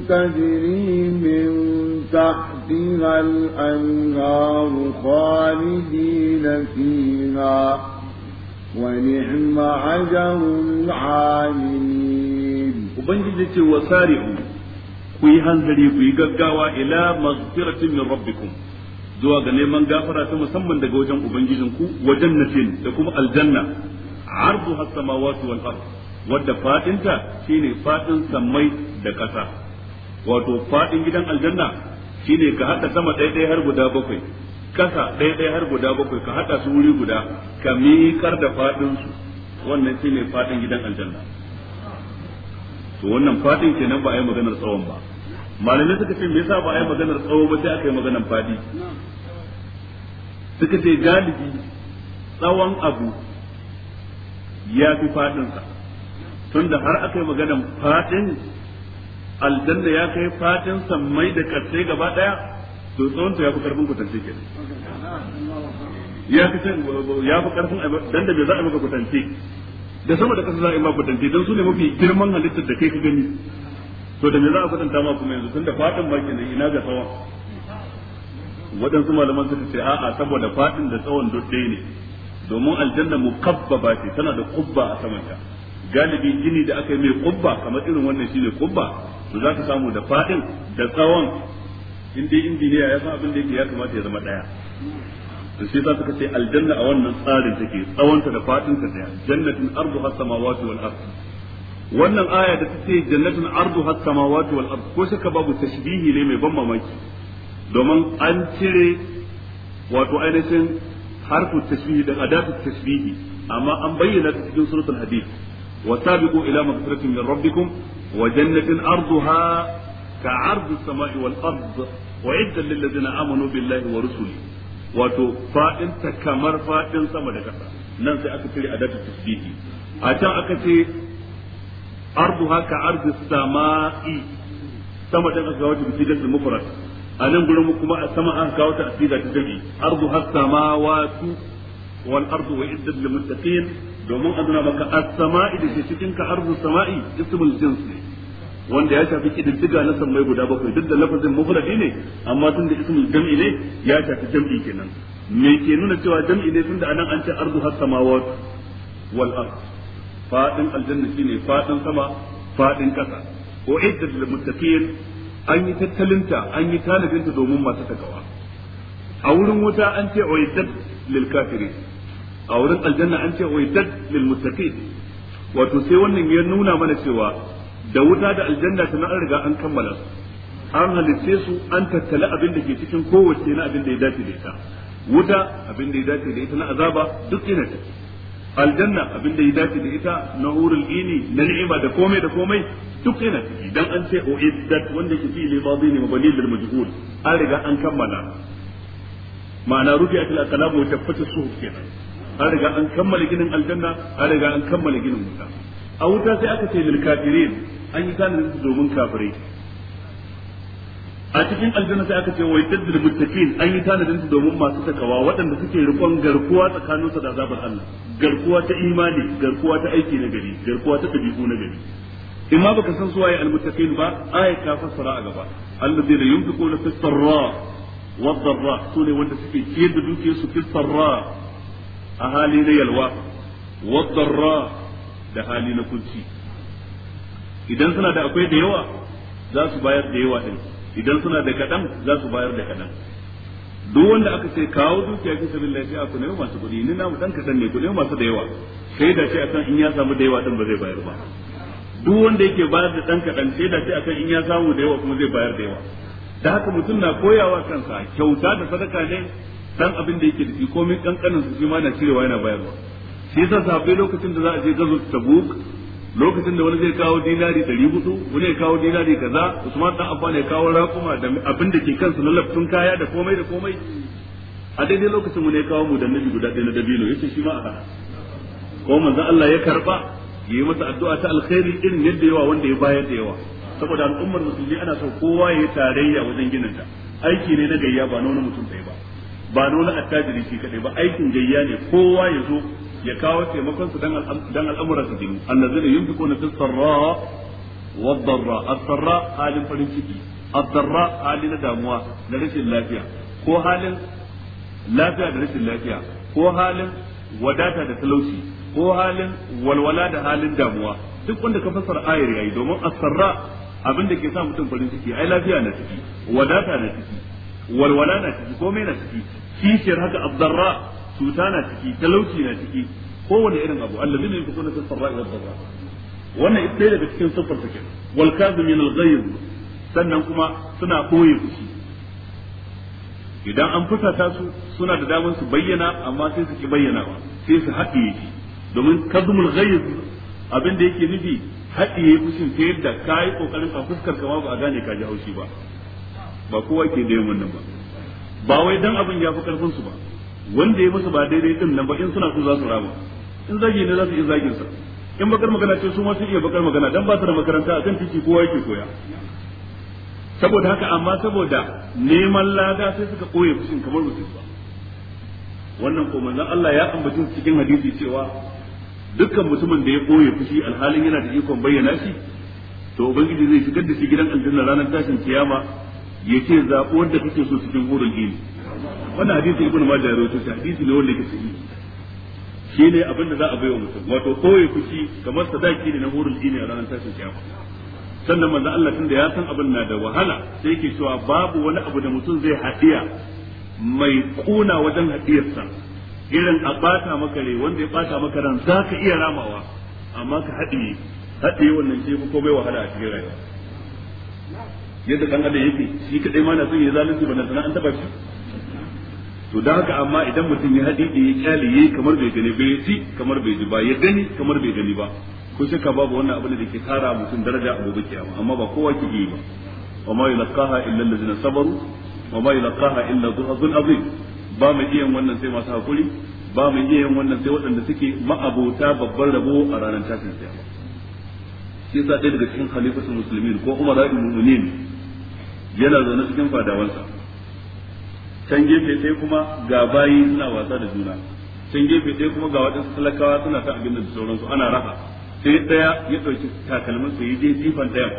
تجري من تحتها الأنهار خالدين فيها ونعم عجر العالمين وبنجد وسارعوا كوي هنزلي كوي غقاوا إلى مغفرة من ربكم زوا نيمان غافرة ثم دقوجا وبنجد وجنة لكم الجنة عرضها السماوات والأرض wadda fadinta shine fadin sammai da ƙasa wato fadin gidan aljanna shine ka haɗa sama ɗaya har guda bakwai ƙasa ɗaya har guda bakwai ka haɗa su wuri guda ka miƙar da fadin su wannan shine fadin gidan aljanna to wannan fadin kenan ba a yi maganar tsawon ba malamai suka ce me yasa ba a yi maganar tsawo ba sai aka yi maganar fadi suka ce galibi tsawon abu ya fi sa tunda har aka yi maganan aljanna ya kai fadin sammai da karsai gaba daya to tsawon ya fi karfin kwatance ke. ya fi ya fi karfin dan da za a maka kwatance da sama da kasa za a yi maka kwatance dan su ne mafi girman halittar da kai ka gani to da me za a kwatanta ma kuma yanzu tunda fatin ba kenan ina ga tsawon waɗansu malaman suka ce a'a saboda fatin da tsawon duk ne domin aljanna ba ce tana da kubba a samanta galibi gini da aka yi mai kubba kamar irin wannan shine kubba to za ka samu da fadin da tsawon in injiniya ya san abin da yake ya kamata ya zama daya to sai za ka ce aljanna a wannan tsarin take tsawonta da fadinta daya jannatin arduha samawati wal ard wannan aya da ta ce jannatin arduha samawati wal ard ko shaka babu tashbihi ne mai ban mamaki domin an cire wato ainihin harfu tashbihi da adatu tashbihi amma an bayyana ta cikin suratul hadith وسابقوا إلى مغفرة من ربكم وجنة أرضها كعرض السماء والأرض وعدا للذين آمنوا بالله ورسله wato ta kamar fa'in sama da ƙasa nan sai aka cire adatu tasbihi a can aka ce ardu haka ardu sama'i sama da aka wata bisi da mufrad a nan gurin kuma a sama an kawo ta a ta jami'i ardu has samawatu wal ardu wa iddat lil domin a nuna maka as-sama'i da ke cikin ka harfu sama'i ismul jins ne wanda ya shafi kididdiga na sammai guda bakwai duk da lafazin mufradi ne amma tunda ismul jam'i ne ya shafi jam'i kenan me ke nuna cewa jam'i ne tunda anan an ce ardu has samawat wal ard fadin aljanna shine fadin sama fadin kasa wa iddat lil muttaqin an yi tattalinta an yi tanadinta domin masu takawa a wurin wuta an ce wa iddat lil kafirin a wurin aljanna an ce uitat lil muttaqin wato sai wannan ya nuna mana cewa da wuta da aljanna tana an riga an kammala an halitte su an tattala abin da ke cikin kowace na abin da ya dace da ita wuta abin da ya dace da ita na azaba duk yana ta aljanna abin da ya dace da ita na hurul ini na ni'ima da komai da komai duk yana ta idan an ce uiddat wanda ke fi'ili madi ne mabani lil majhul an riga an kammala ma'ana rufi'atil aqlam wa tafatta suhuf kenan an riga an kammala ginin aljanna an riga an kammala ginin wuta a wuta sai aka ce lil kafirin an yi tanadin su domin kafirai a cikin aljanna sai aka ce wa yaddul muttaqin an yi tanadin su domin masu takawa waɗanda suke rikon garkuwa tsakanin su da azabar Allah garkuwa ta imani garkuwa ta aiki na gari garkuwa ta dabi'u na gari in ma baka san su suwaye almuttaqin ba ayat ta fassara a gaba alladhina yunfiquna fis sarra wad darra sune wanda suke ciyar da dukiyarsu fis sarra a hali na yalwa wadarra da hali na kunci idan suna da akwai da yawa za su bayar da yawa din idan suna da kaɗan za su bayar da kaɗan duk wanda aka ce kawo dukiya fi sabilillah lafi a nemi masu kuɗi ni namu dan kaɗan ne kuɗi masu da yawa sai da ce akan in ya samu da yawa din ba zai bayar ba duk wanda yake bayar da dan kaɗan sai da ce akan in ya samu da yawa kuma zai bayar da yawa da haka mutum na koyawa kansa kyauta da sadaka ne dan abin da yake da shi komai kankanin su shi ma na cirewa yana bayarwa shi yasa sahabbai lokacin da za a je gazo tabuk lokacin da wani zai kawo dinari dari hudu wani ya kawo dinari kaza usman dan affan ya kawo raƙuma da abin da ke kansu na laftun kaya da komai da komai a daidai lokacin wani ya kawo mu da nabi guda ɗaya na dabino yace shi ma a ko manzon Allah ya karba yayi masa addu'a ta alkhairi irin yadda yawa wanda ya bayar da yawa saboda al'ummar musulmi ana so kowa ya yi tarayya wajen ginin ta aiki ne na gayya ba na wani mutum ɗaya ba ba nuna attajiri shi kadai ba aikin gayya ne kowa ya zo ya kawo taimakon su dan al'amuran su jini annazina yunfiquna fis sarra wad darra as-sarra halin farin ciki halin damuwa da rashin lafiya ko halin lafiya da rashin lafiya ko halin wadata da talauci ko halin walwala da halin damuwa duk wanda ka fassara ayar yayi domin as-sarra abin da ke sa mutum farin ciki ai lafiya na ciki wadata na ciki walwala na ciki komai na ciki kishiyar haka abdarra cuta na ciki talauci na ciki kowane irin abu allazi ne kuma na sarra ra'i wadda wannan ɗaya daga cikin sufar take wal min al sannan kuma suna koye fushi idan an fusata su suna da damar su bayyana amma sai su ki ba, sai su haɗiye shi domin kazmul ghayr abin da yake nufi haɗiye fushin ta yadda ka yi ƙoƙarin a fuskar ka ba a gane ka ji haushi ba ba kowa ke da yawan nan ba ba wai dan abin ya fi karfin su ba wanda ya musu ba daidai din nan ba in suna so za su rama in zagi ne za su yi zagin sa in bakar magana ce su ma sun iya bakar magana dan ba su da makaranta akan titi kowa yake koya saboda haka amma saboda neman lada sai suka koye fushin kamar ba ba wannan ko manzon Allah ya ambaci cikin hadisi cewa dukkan mutumin da ya koye fushi alhalin yana da ikon bayyana shi to ubangiji zai shigar da shi gidan aljanna ranar tashin kiyama yace zaɓo wanda kake so cikin wurin gini. Wani hadisi ibn majah ya rawaito shi hadisi ne wanda yake sahihi ne abin da za a baiwa mutum wato kawai kushi kamar sadaki ne na wurin gini a ranar tashin kiyama sannan manzo Allah tun da ya san abin na da wahala sai yake cewa babu wani abu da mutum zai hadiya mai kuna wajen hadiyarsa irin a bata maka rai wanda ya bata maka ran ka iya ramawa amma ka haɗiye hadiye wannan ce ko bai wahala a cikin rayuwa yadda dan adam yake shi kadai ma na son ya zalunci ba na sanan an taba shi to da haka amma idan mutum ya haɗi ya kyale kamar bai gani bai ci kamar bai ji ba ya gani kamar bai gani ba ko shakka babu wannan abin da ke kara mutum daraja a gobe kiyama amma ba kowa ke yi ba wa ma yulqaha illa allazina sabaru wa ma yulqaha illa dhuhazun azim ba mu iya wannan sai masu hakuri ba mu iya wannan sai waɗanda suke ma'abota babban rabo a ranar tashin kiyama shi yasa ɗaya daga cikin khalifatul muslimin ko umara ibn mu'minin yana zaune cikin fadawansa can gefe sai kuma ga bayi suna wasa da juna can gefe sai kuma ga waɗansu talakawa suna ta abin da sauransu ana raha sai ɗaya ya ɗauki takalmin sa je jifan ɗayan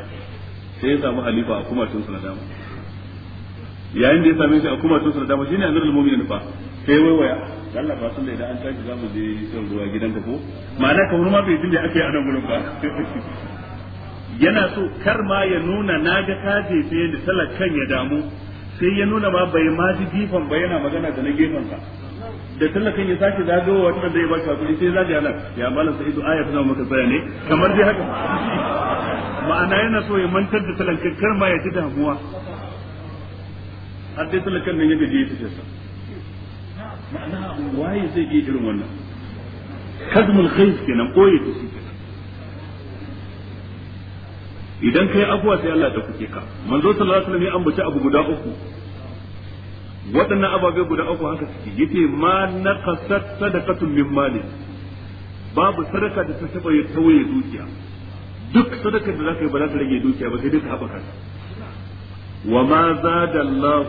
sai ya samu halifa a kuma tun na dama yayin da ya same shi a kuma tun na dama shine amirul mu'minin fa sai waiwaya Allah ba sun da idan an tashi za mu je shan ruwa gidanka ko ma'ana kamar ma bai jin da ake a nan gurin ba yana so kar ma ya nuna na ga kaje sai da talakan ya damu sai ya nuna ma bai ma ji gifan ba yana magana da na gefen sa da talakan ya sake zagawa wata da ya baka kuɗi hakuri sai zagaya nan ya malam sai ido aya tana maka tsaya ne kamar dai haka ma'ana yana so ya mantar da kan kar ma ya ji damuwa har dai talakan nan ya gaje ya tafi sa ma'ana waye zai iya irin wannan kadmul khayf kenan koyi ta shi idan kai abuwa sai Allah ta kuke ka manzo sallallahu alaihi wasallam ya ambaci abu guda uku waɗannan ababe guda uku haka suke yace ma naqasat sadaqatun min mali babu sadaka da ta taba ya tauye dukiya duk sadakar da zaka yi ba za ta rage dukiya ba sai dai ka haɓaka ta wa ma zada Allah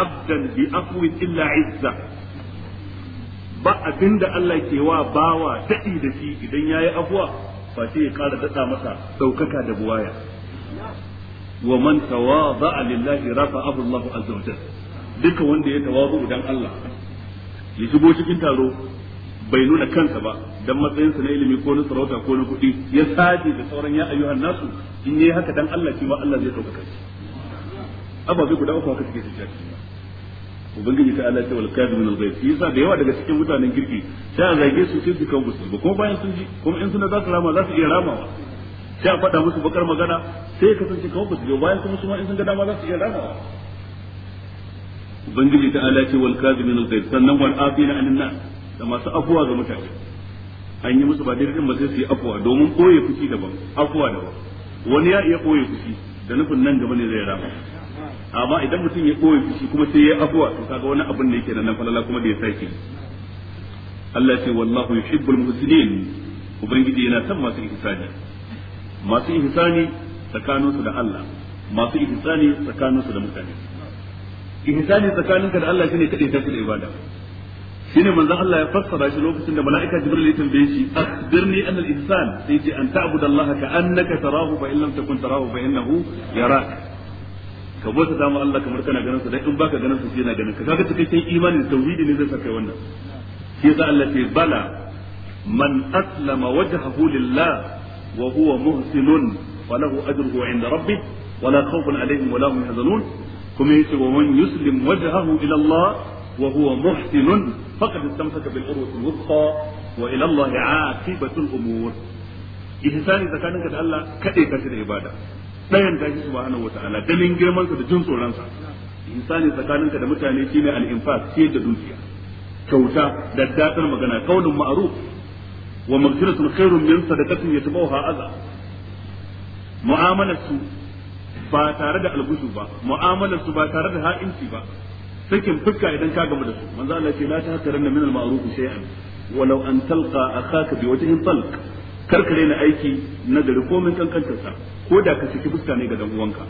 abdan bi aqwin illa izza ba abinda Allah ke wa bawa dadi da shi idan yayi abuwa face ya kara daɗa masa ɗaukaka da buwaya wa man tawadha lillahi rafa'ahu Allah azza wa jalla duka wanda ya tawazu dan Allah ya shigo cikin taro bai nuna kansa ba dan matsayinsa na ilimi ko na sarauta ko na kuɗi ya sadi da sauran ya ayyuhan nasu in yayi haka dan Allah shi ma Allah zai ɗaukaka shi guda uku haka suke tafiya ubangiji ta Allah ce wal kadhibun al ghayb yasa da yawa daga cikin mutanen kirki sai a zage su sai su kawo su ba kuma bayan sun ji kuma in suna za su rama za su iya ramawa sai a faɗa musu bakar magana sai ka kasance kawo su bayan kuma su ma in sun ga dama za su iya ramawa ubangiji ta Allah ce wal kadhibun al ghayb sannan wal afina anin nas da masu afuwa ga mutane an yi musu ba daidai ba sai su yi afuwa domin koye fushi daban afuwa daban wani ya iya koye fushi da nufin nan gaba ne zai rama amma idan mutum ya koyi fushi kuma sai ya afuwa to kaga wani abin da yake nan falala kuma da ya sake Allah ce wallahu yuhibbul muhsinin ubangiji yana son masu ihsani masu ihsani tsakaninsu da Allah masu ihsani tsakaninsu da mutane ihsani tsakaninka da Allah shine kadai tafi da ibada shine manzon Allah ya fassara shi lokacin da mala'ika Jibril ya tambaye shi akhbirni an al-ihsan sai ce an ta'budallaha ka annaka tarahu fa in lam takun tarahu fa innahu yarak ka bota ta mu Allah kamar kana ganin sa dan in baka ganin su shi na ganin ka kaga cikakken imanin tauhidi ne zai saka wannan shi yasa Allah ce bala man aslama wajhahu lillah wa huwa muhsinun falahu ajruhu 'inda rabbih wala khawfun 'alayhim wala hum yahzanun kuma yace wa man yuslim wajhahu ila Allah wa huwa muhsinun faqad istamsaka bil urwati wuthqa wa ila Allah 'aqibatu al-umur ihsani tsakaninka da Allah kade ka da ibada Ɗayan ta shi subhanahu wataala ganin girman sa da jin tsoron sa insani tsakaninka da mutane shine al-infaq shi da dukiya kyauta da dadar magana kaulun ma'ruf wa maghfiratun khairun min sadaqatin yatbauha adha mu'amalar su ba tare da algushu ba mu'amalar su ba tare da ha'inci ba sakin fuska idan ka gama da su manzo Allah ce la tahtaranna min al-ma'ruf shay'an walau an talqa akhaka bi wajhin talq karkare na aiki na gari komai kankantarsa ko da ka saki fuska ne ga dan uwanka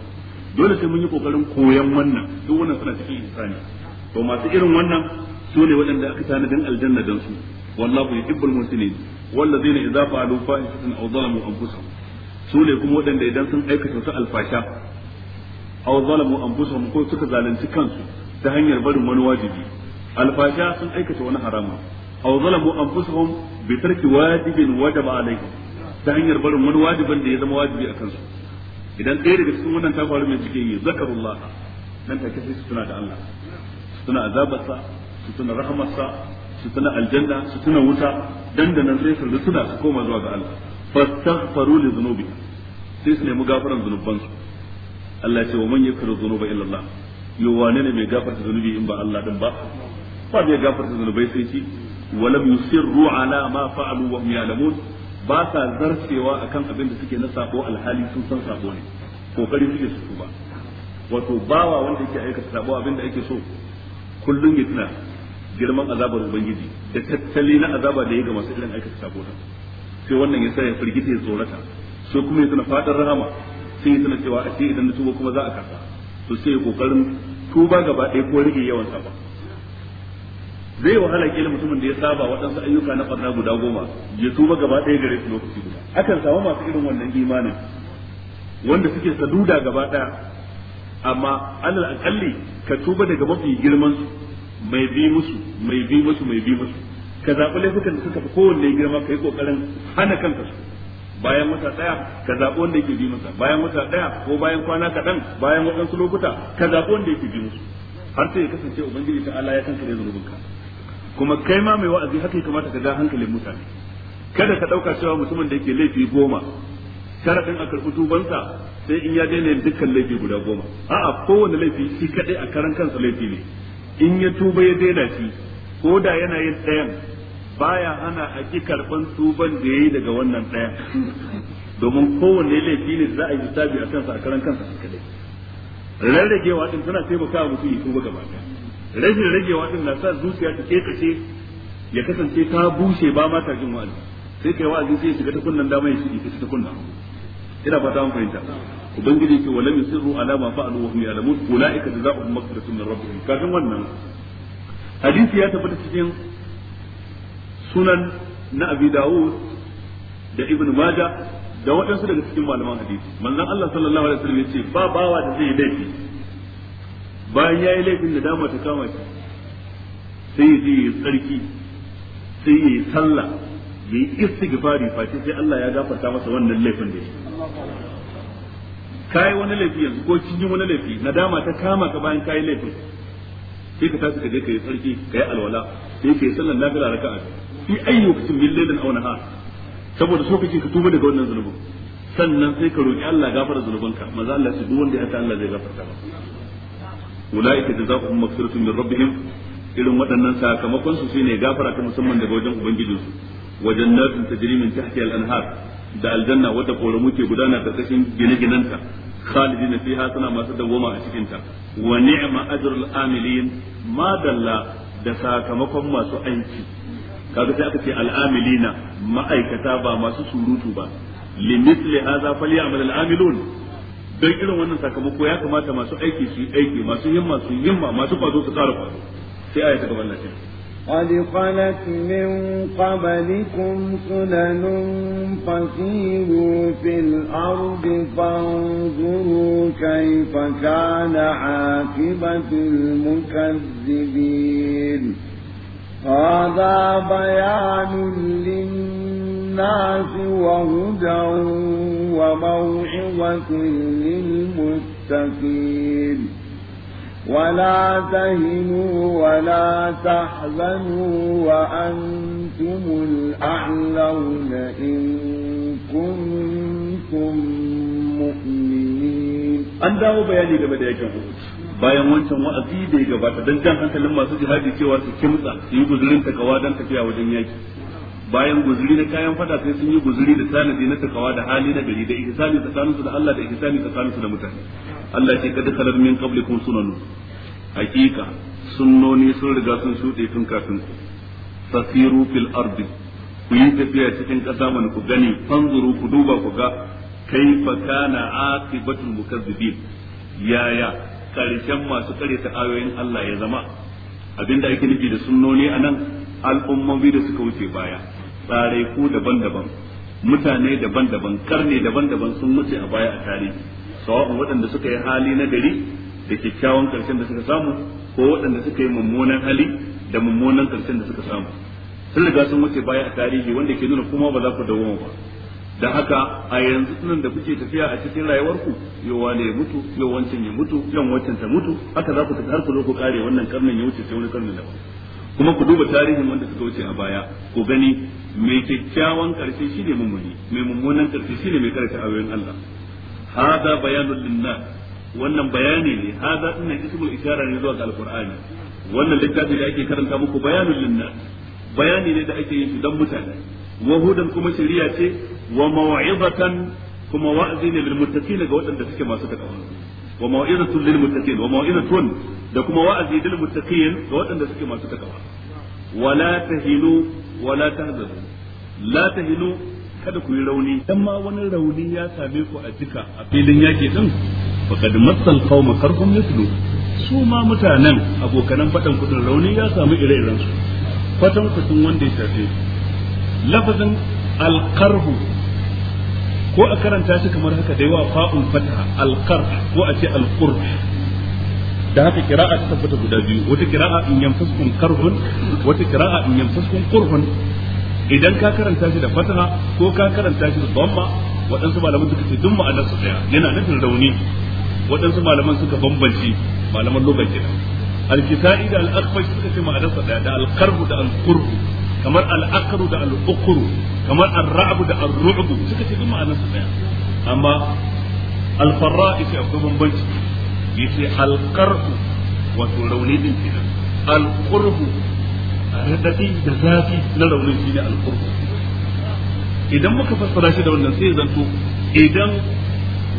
dole sai mun yi kokarin koyan wannan duk wannan suna cikin insani to masu irin wannan su ne waɗanda aka tanadin aljanna don su wallahu yuhibbul muslimin wallazina idza fa'alu fahishatan aw zalamu anfusahum su ne kuma waɗanda idan sun aikata su alfasha aw zalamu anfusahum ko suka zalunci kansu ta hanyar barin wani wajibi alfasha sun aikata wani harama. aw zalamu anfusahum bi tarki wajibin wajaba alaihim ta hanyar barin wani wajibin da ya zama wajibi a kansu idan ɗaya daga cikin wannan ta faru mai suke yi zakarullah nan take sai su tuna da Allah su tuna azabarsa su tuna rahmarsa su tuna aljanna su tuna wuta dandanan sai su tuna su koma zuwa ga Allah fastaghfaru li dhunubi sai su nemi gafaran su Allah ce wa man yakru dhunuba illa Allah yo wane ne mai gafarta zunubi in ba Allah din ba ba mai gafarta zunubai sai shi wa lam yusirru ala ma fa'alu wa hum ba sa zarcewa akan abin da suke na sabo alhali sun san sabo ne kokari suke su ba wato bawa wanda yake aikata sabo abin da ake so kullum ya tuna girman azabar ubangiji da tattali na azaba da ya ga masu irin aikata sabo da sai wannan ya sa ya firgita ya tsorata sai kuma ya tuna fadar rahama sai ya tuna cewa a ce idan na tuba kuma za a kasa to sai kokarin tuba gaba ɗaya ko rage yawan sabo zai wahala kila mutumin da ya saba waɗansu ayyuka na ɓarna guda goma ya tuba gaba ɗaya gare su lokaci guda akan samu masu irin wannan imanin wanda suke saduda gaba ɗaya amma alal akalli ka tuba daga mafi girman su mai bi musu mai bi musu mai bi musu ka zaɓi laifukan da suka fi kowanne girma ka yi ƙoƙarin hana kanka su bayan wata ɗaya ka zaɓi wanda yake bi masa bayan wata ɗaya ko bayan kwana kaɗan bayan waɗansu lokuta ka zaɓi wanda yake bi musu har sai ya kasance ubangiji ta Allah ya kankare zunubinka kuma kai ma mai wa'azi haka kamata ka ga hankalin mutane kada ka dauka cewa mutumin da yake laifi goma sharadin a karɓi tubansa sai in ya daina yin dukkan laifi guda goma a'a kowane laifi shi kadai a karan kansa laifi ne in ya tuba ya daina shi ko da yana yin ɗayan baya ana a ki karban tuban da yayi daga wannan ɗayan domin kowanne laifi ne za a yi tabi a kansa a karan kansa shi kadai rarragewa din tana taimakawa mutum ya tuba gaba ɗaya rashin rage waɗin na sa zuciya ta ke kace ya kasance ta bushe ba ma ta jin wa'azi sai kai wa'azi sai shiga ta kunnan dama ya shiga ta kunnan ina fata an fahimta ubangiji ke walam yusirru ala ma fa'alu wa hum ya'lamun ulaika jazaohum maghfiratun min rabbihim kafin wannan hadisi ya tabbata cikin sunan na abi daud da ibnu majah da waɗansu daga cikin malaman hadisi manzon Allah sallallahu alaihi wasallam ya ce ba bawa da zai laifi bayan ya yi laifin da dama ta kama shi sai ya yi tsarki sai ya yi sallah ya yi istighfari face sai Allah ya gafarta masa wannan laifin da Ka yi wani laifi yanzu ko kin yi wani laifi na dama ta kama ka bayan ka yi laifin sai ka tashi ka je ka yi tsarki ka yi alwala sai ka yi sallar nafila raka'a fi ayyu kasin min lailan aw nahar saboda so kake ka tuba daga wannan zunubin sannan sai ka roki Allah gafara zunubanka manzo Allah ya duk wanda ya ta Allah zai gafarta masa ulaika jazaohum maghfiratun min rabbihim irin waɗannan sakamakon su shine gafara ta musamman daga wajen ubangijinsu wa jannatin tajri min tahtiha al-anhar da aljanna wadda koramu ke gudana karkashin gine-ginanta khalidin fiha suna masu dawwama a cikin ta wa ni'ma ajrul amilin ma da sakamakon masu aiki kaga sai aka ce al-amilina ma'aikata ba masu surutu ba limithli hadha falyamal al-amilun don irin wannan sakamako ya kamata masu aiki su yi aiki masu himma su yi himma masu kwazo su ƙara kwazo sai aya ta gaban lafiya قد خلت من قبلكم سنن فسيروا في الأرض فانظروا كيف كان عاقبة المكذبين هذا بيان للناس للناس وهدى وموعظة للمتقين ولا تهنوا ولا تحزنوا وأنتم الأعلون إن كنتم مؤمنين أن دعوا بياني قبل يجب bayan wancan wa'azi da ya gabata don jan hankalin masu jihadi cewa su kimtsa su yi guzurin takawa don tafiya wajen yaki bayan guzuri na kayan fada sai sun yi guzuri da tanadi na takawa da hali na gari da ihsani tsakaninsu da Allah da ihsani tsakaninsu da mutane Allah ce kada kalar min qablikum sunanu hakika sunnoni sun riga sun shuɗe tun kafin ku fasiru fil ardi ku yi tafiya cikin ƙasa mana ku gani fanzuru ku duba ku ga kaifa kana aqibatul mukazzibin yaya karshen masu kare ta ayoyin Allah ya zama abinda ake nufi da sunnoni anan al'ummomi da suka wuce baya tsarai ku daban-daban mutane daban-daban karne daban-daban sun mutu a baya a tarihi sawa'un waɗanda suka yi hali na gari da kyakkyawan karshen da suka samu ko waɗanda suka yi mummunan hali da mummunan karshen da suka samu sun riga sun wuce baya a tarihi wanda ke nuna kuma ba za ku dawo ba da haka a yanzu nan da kuke tafiya a cikin rayuwarku yawa ne mutu yau wancan ya mutu yau wancan ta mutu haka za ku tafi har ku zo ku kare wannan karnin ya wuce sai wani karnin daban kuma ku duba tarihin wanda suka wuce a baya ku gani mai kyakkyawan karshe shine mummuni mai mummunan karshe shine mai karshe ayoyin Allah hada bayanul linnas wannan bayani ne hada ina ismul ishara ne zuwa ga alqur'ani wannan littafi da ake karanta muku bayanul linnas bayani ne da ake yin shi dan mutane wa hudan kuma shari'a ce wa maw'izatan kuma wa'azi ne lil muttaqin ga waɗanda suke masu takawa wa maw'izatun lil muttaqin wa maw'izatun da kuma wa'azi lil muttaqin ga waɗanda suke masu takawa wala tahinu wala tahzanu la tahinu kada ku yi rauni dan ma wani rauni ya same ku a jika a filin yaki din faqad massal qauma karkum mislu su ma mutanen abokanan fadan kudin rauni ya samu ire-iren su fatan kudin wanda ya tafi. lafazin alqarhu ko a karanta shi kamar haka da yawa fa'un fataha alqarh ko a ce alqurh da haka kira'a ta tabbata guda biyu wata kira'a in yamsaskum karhun wata kira'a in yamsaskum qurhun idan ka karanta shi da fataha ko ka karanta shi da dhamma waɗansu malaman suka ce duk ma'anar su daya yana nufin rauni waɗansu malaman suka bambance malaman lokacin kenan al-kisa'i da al suka ce ma'anar sa daya da al da al kamar al'akaru da al'ukuru kamar ar-ra'bu da ar-ru'bu suka ce duk ma'anar su daya amma alfarra farra ita akwai bambanci yace alqarhu wato rauni din kenan alqurhu radadi da zafi na raunin shine alqurhu idan muka fassara shi da wannan sai zanto idan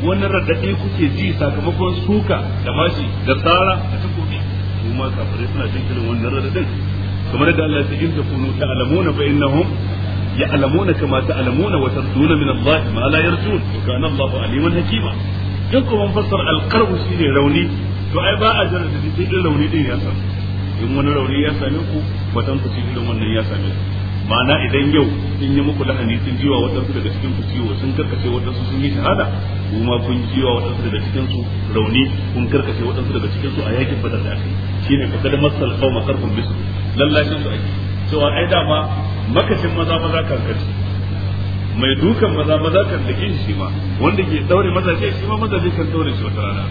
wani radadi kuke ji sakamakon suka da mashi da tsara da takobi su ma kafirai suna jin irin wannan radadin kamar da Allah ya ce in takunu ta'lamuna fa innahum يعلمون كما تعلمون وترجون من الله ما لا يرجون وكان الله عليما حكيما in kuma fassar alqarbu ne rauni to ai ba a jarar da cikin rauni din ya samu in wani rauni ya same ku watan ku cikin wannan ya same ku ma'ana idan yau sun yi muku lahani sun jiwa waɗansu daga cikin ku ciwo sun karkace waɗansu sun yi shahada kuma kun jiwa waɗansu daga cikin su rauni kun karkace waɗansu daga cikin su a yakin badar da aka yi shine ka kada masal qauma sarfun bisu lallashin su ake cewa ai dama makashin maza maza karkace mai dukan maza maza kan dake shi ma wanda ke daure maza ke shi ma maza kan daure shi wata rana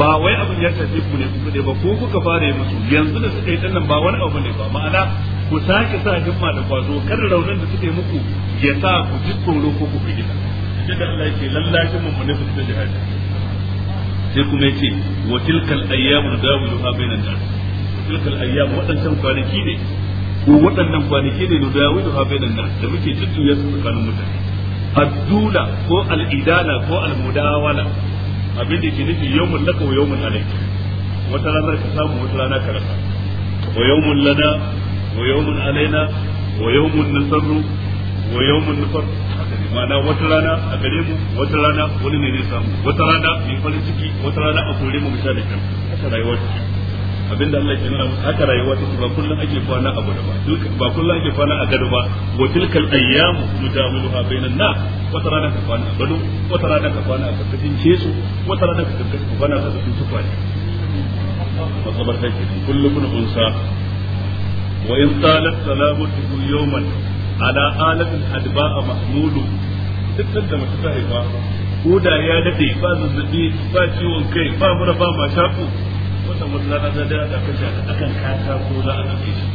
ba wai abin ya tafi ku ne ku ne ba ko kuka fara yi musu yanzu da suka yi dan nan ba wani abu ne ba ma'ana ku sake sa himma da kwazo kar raunin da suke muku ya sa ku ji tsoro ko ku gida shi da Allah yake lallashin mu ne su da jihadi sai kuma yace wa tilkal ayyamu dawiluha bainan nas tilkal ayyamu wadannan kwanaki ne ko waɗannan kwanaki ne da yawidu ha bai nan da muke tuttuya su tsakanin mutane addula ko al'idala ko almudawala abin da ke nufi yawmun laka wa mun alayk wata ranar ka samu wata rana ka rasa wa mun lana wa yawmun alaina wa yawmun nasarru wa yawmun nufar ma'ana wata rana a gare mu wata rana wani ne ne samu wata rana mai farin ciki wata rana a kore mu misali kan da rayuwar ciki. abinda Allah ke nuna musu haka rayuwa take ba kullum ake kwana a gado ba ba kullum ake kwana a gado ba wa tilkal ayyam nudawiluha bainan nas wata rana ka kwana a gado wata rana ka kwana a karkashin kesu wata rana ka karkashin kwana a karkashin tukwane matsabar take kullum kun unsa wa in talat salamatu yawman ala alatin adba'a mahmudu duk da mace ta haifa ko da ya dade ba zazzabi ba ciwon kai ba mura ba ma shafu wata rana da da da kace kan kata ko za a dace shi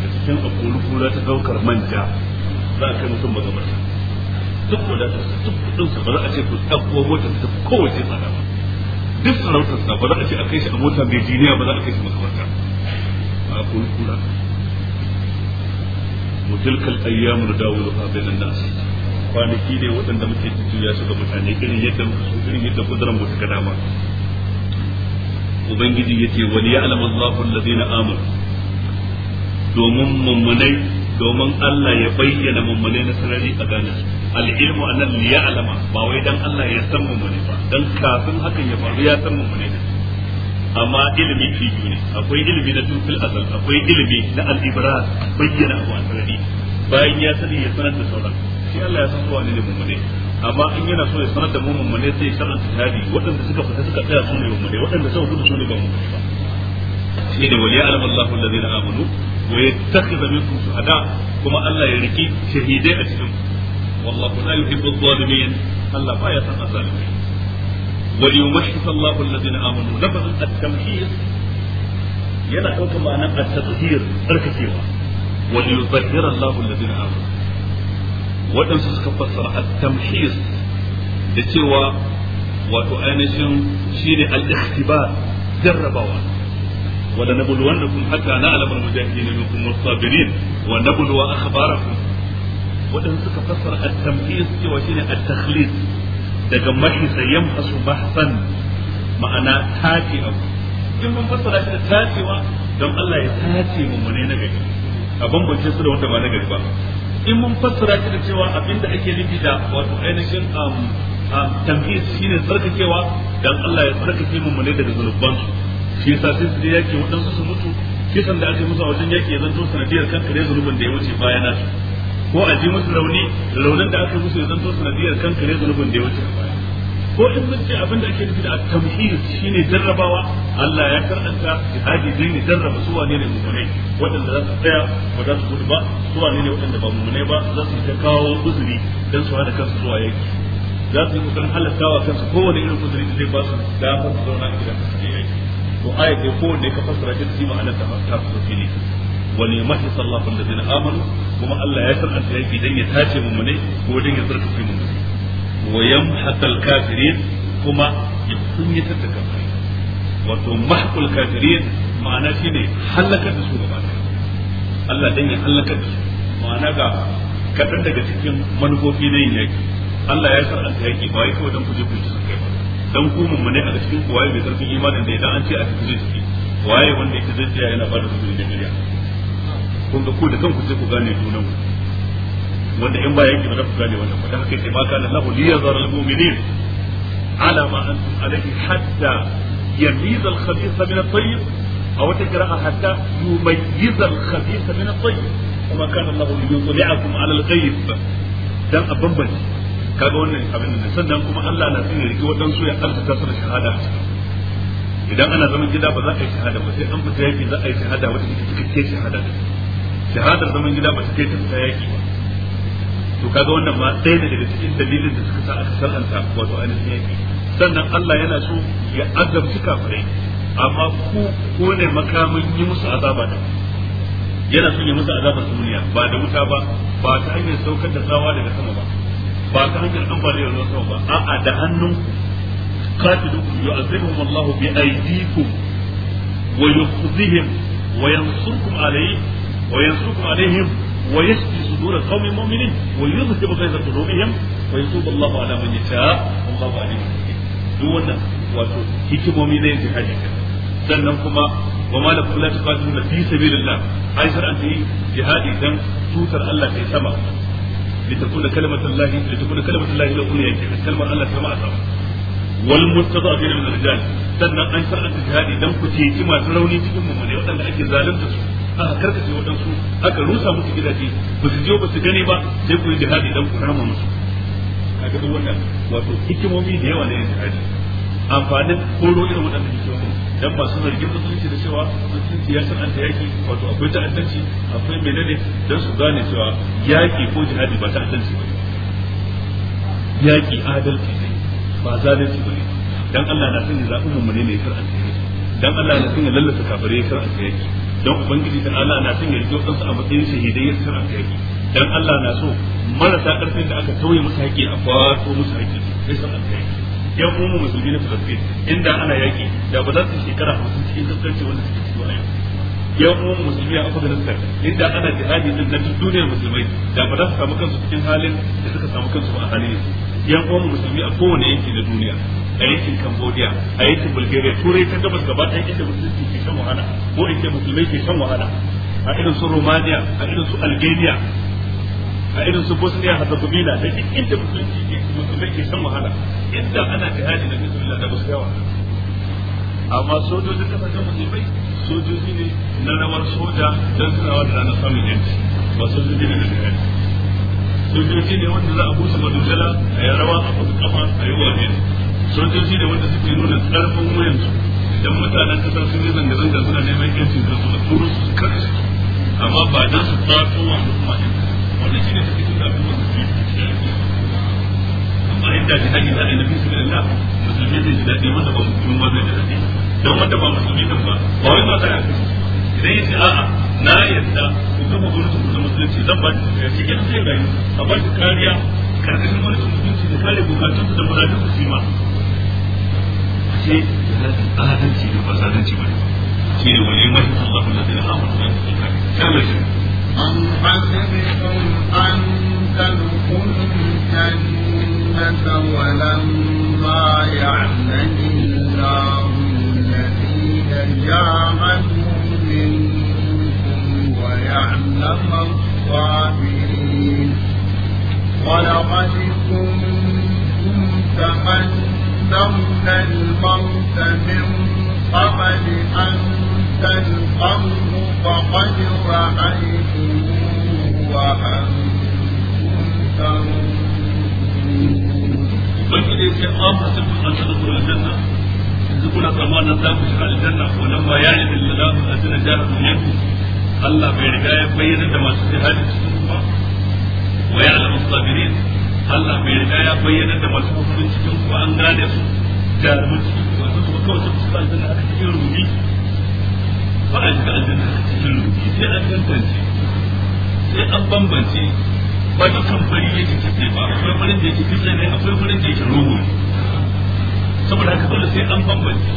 da cikin akulu kula ta daukar manja za a kai mutum ba gaba duk wanda ta duk kudin sa ba za a ce ku ɗauko mota ta kowace tsada ba duk sarautar sa ba za a ce a kai shi a mota mai jiniya ba za a kai shi makamarta a akulu kula وتلك الايام نداولها بين nas kwanaki ne waɗanda muke tafiya su ga mutane irin yadda irin yadda kudurar mu suka dama ubangiji wani wal ya'lamu Allahu allazina amanu domin mummunai domin Allah ya bayyana mummunai na sarari a gane al-ilmu annal alama. ba wai dan Allah ya san mummunai ba dan kafin hakan ya faru ya san mummunai amma ilimi fi ne akwai ilimi na tufil azal akwai ilimi na al-ibrar bayyana wa sanari bayan ya sani ya sanar da sauran sai Allah ya san kowa ne mummunai amma in yana so ya sanar da mu mummune sai sanar da tabi waɗanda suka fita suka tsaya su ne mummune waɗanda suka gudu su ne ba mummune ba shi ne waliya almallahu allazina amanu wa yattakhidha minkum shuhada kuma Allah ya riki shahidai a cikin wallahu la yuhibbu adh-dhalimin Allah ba ya san azalimi wa yumashshifa Allahu allazina amanu lafazin at-tamhid yana ɗaukar ma'anar at-tazhir tsarkakewa wa yuzahhira Allahu allazina amanu waɗansu suka fassara at-tamhis da cewa wato ainihin ne al-ikhtibar jarrabawa wanda wala nabluwannakum hatta na'lamu al-mujahidin minkum was-sabirin wa nabluwa akhbarakum waɗansu suka fassara at-tamhis cewa shi ne at-takhlis daga mahisa yamhasu mahsan ma'ana tace abu in mun fassara shi da tacewa don Allah ya tace mu ne na gari a bambance su da wanda ba na gari ba in mun fassara shi da cewa abin da ake nufi da wato ainihin shi um, um, shine tsarkakewa don Allah ya tsarkake mu ne daga zunuban su shi yasa sai su yake waɗansu su mutu kisan da ake musu a wajen yaƙi ya zanto sanadiyar kankare zunubin da ya wuce baya nasu ko a ji musu rauni raunin da aka musu ya zanto sanadiyar kankare zunubin da ya wuce baya ko in mun ce abin da ake nufi da tamhir shine jarrabawa Allah ya karanta jihadi dai ne jarraba su wane ne mummunai waɗanda za su tsaya ba za su gudu ba su wane ne waɗanda ba mummunai ba za su ta kawo uzuri dan su hada kansu zuwa yaki za su yi kokarin halattawa kansu kowane irin uzuri da zai ba su damar su zauna a gidan su je yaki to ayat dai kowanne ka fassara shi shi ma'anar ta ta fili wani mahi sallahu na amanu kuma Allah ya karanta yaki dan ya tace mummunai ko dan ya tsarkake mummunai wa yamhaqal kafirin kuma ya ta ta kafirai wato mahqul kafirin ma'ana shine halakar da su gaba ɗaya Allah dan ya halakar da su ma'ana ga kadan daga cikin manufofi na yin yaki Allah ya sarrafa yaki ba wai kawai dan kuje kuje su kai ba dan ku ne a cikin kuwaye mai karfin imanin da idan an ce a cikin jiki waye wanda yake zai tsaya yana ba da su da gariya kun ga ku da kanku sai ku gane junan wanda in ba yake ba za su gane wannan ba da haka sai ma kana lahu liyazara almu'minin ala ma antum alayhi hatta يميز الخبيث من الطيب أو تقرأ حتى يميز الخبيث من الطيب وما كان الله ليطلعكم على الغيب dan a bambance kaga wannan abin da sannan kuma Allah na sanya rike waɗansu ya kalta tasar shahada idan ana zaman gida ba za a yi shahada ba sai an fita yaki za a yi shahada wata take cikakke shahada shahadar zaman gida ba ta kai ta yaki ba to kaga wannan ma sai da daga cikin dalilin da suka sa aka sallanta wato ainihin yaki sannan Allah yana so ya azabci kafirai amma ku ko ne makamin yi musu azaba da yana so ya musu su duniya ba da wuta ba ba ta hanyar saukar da tsawa daga sama ba ba ta hanyar ambaliyar ruwan sama ba a'a da hannun qatilukum yu'azibuhum Allahu bi aydikum wa yukhzihim wa yansurkum alayhi wa yansurkum alaihim ويسقي صدور قوم مؤمنين ويذهب غيظ قلوبهم ويتوب الله على من يشاء والله عليم حكيم duk wannan wato hikimomi na yin jihadi sannan kuma wa ma lakum la tuqatiluna fi sabilillah ai shar'an fi jihadi dan tutar Allah kai sama litakuna kalimatullahi litakuna kalimatullahi la kulli yake kalmar Allah sama a sama wal mustadafin min rijal sannan an shar'an jihadi dan ku ce masu rauni cikin mu ake zalunta su a karkace waɗansu aka rusa musu gidaje ba su ba su gani ba sai ku yi jihadi dan ku rama musu a duk wannan wato hikimomi da yawa na yin jihadi amfanin koro irin waɗannan hikimomin dan ba su zargin musulunci da cewa musulunci ya san anta yaki wato akwai ta'addanci akwai menene dan su gane cewa yaki ko jihadi ba ta'addanci ba yaki adalci ne ba zalunci ba ne dan Allah na sanya zaɓin mu ne ne kar an dan Allah na sanya lallata kafare kar an yaki don ubangiji da Allah na son ya rike wadansu a matsayin shahidai ya san ta yaki dan Allah na so marasa karfin da aka tauye musu haƙi a kwato musu haƙi ya san ta yaki yan umu musulmi na Falastin inda ana yaki da ba za su shekara 50 cikin kasance wanda suke ciki a yau yan uwan musulmi a afghanistan inda ana jihadi din na duk duniyar musulmai da ba za su samu kansu cikin halin da suka samu kansu ba a halin yan kuma musulmi a kowane yanki na duniya a yankin cambodia a yankin bulgaria turai ta gabas gaba ɗaya inda musulunci ke shan wahala ko in ce musulmai ke shan wahala a irin su romania a irin su algeria a irin su bosnia herzegovina da duk inda musulunci ke musulmai ke shan wahala inda ana jihadi na bismillah da musulmai yawa amma sojojin kasashen musulmai sojoji ne na rawar soja don tunawa da ranar samun yanci ba sojoji ne na jihadi sojoji ne wanda za a busa madogala a yi rawa a kusa kama a yi wa ne sojoji da wanda suke nuna karfin wayansu idan mutanen kasar sun yi zanga-zanga suna neman yancin kansu da turu su karkashe amma ba dan su kwato wa al'umma din wannan ne suke cin da wanda su amma inda ji jihadi da annabi sallallahu alaihi wasallam musulmi zai ji dadi wanda ba musulmi ba zai ji dadi dan wanda ba musulmi din ba ba wai ma tsaya idan yace a'a na yadda ku kafa gwamnati ku zama musulunci zan ba ya ce gidan sai rayu a ba shi kariya karkashin gwamnati musulunci da kare bukatun da muradun su yi ma ashe aladanci ne ba zadanci ba ne shi wani mai Allah da zai hamu da su kai tallafi an hasibtum an tadkhulul jannata wa lam ma الصابرين ولقد كنتم تمنون قدمت الموت من قبل أن تلقوه فقد رأيته وأنتم تنظرون يقول كما نذاب في الجنة ولما يعلم الذاب أن جاء منهم الله في عباية تماسك هذه السنة ويعلم الصابرين Allah bai riga ya bayyana da masu hukumin cikin ku an gane su jarumin cikin ku masu kuma kawai su fuska aljanna aka cikin rubi ba a shiga aljanna aka cikin rubi sai an tantance sai an bambance ba dukkan yake tafiye ba akwai farin da yake fice ne akwai farin da yake rogo saboda haka dole sai an bambance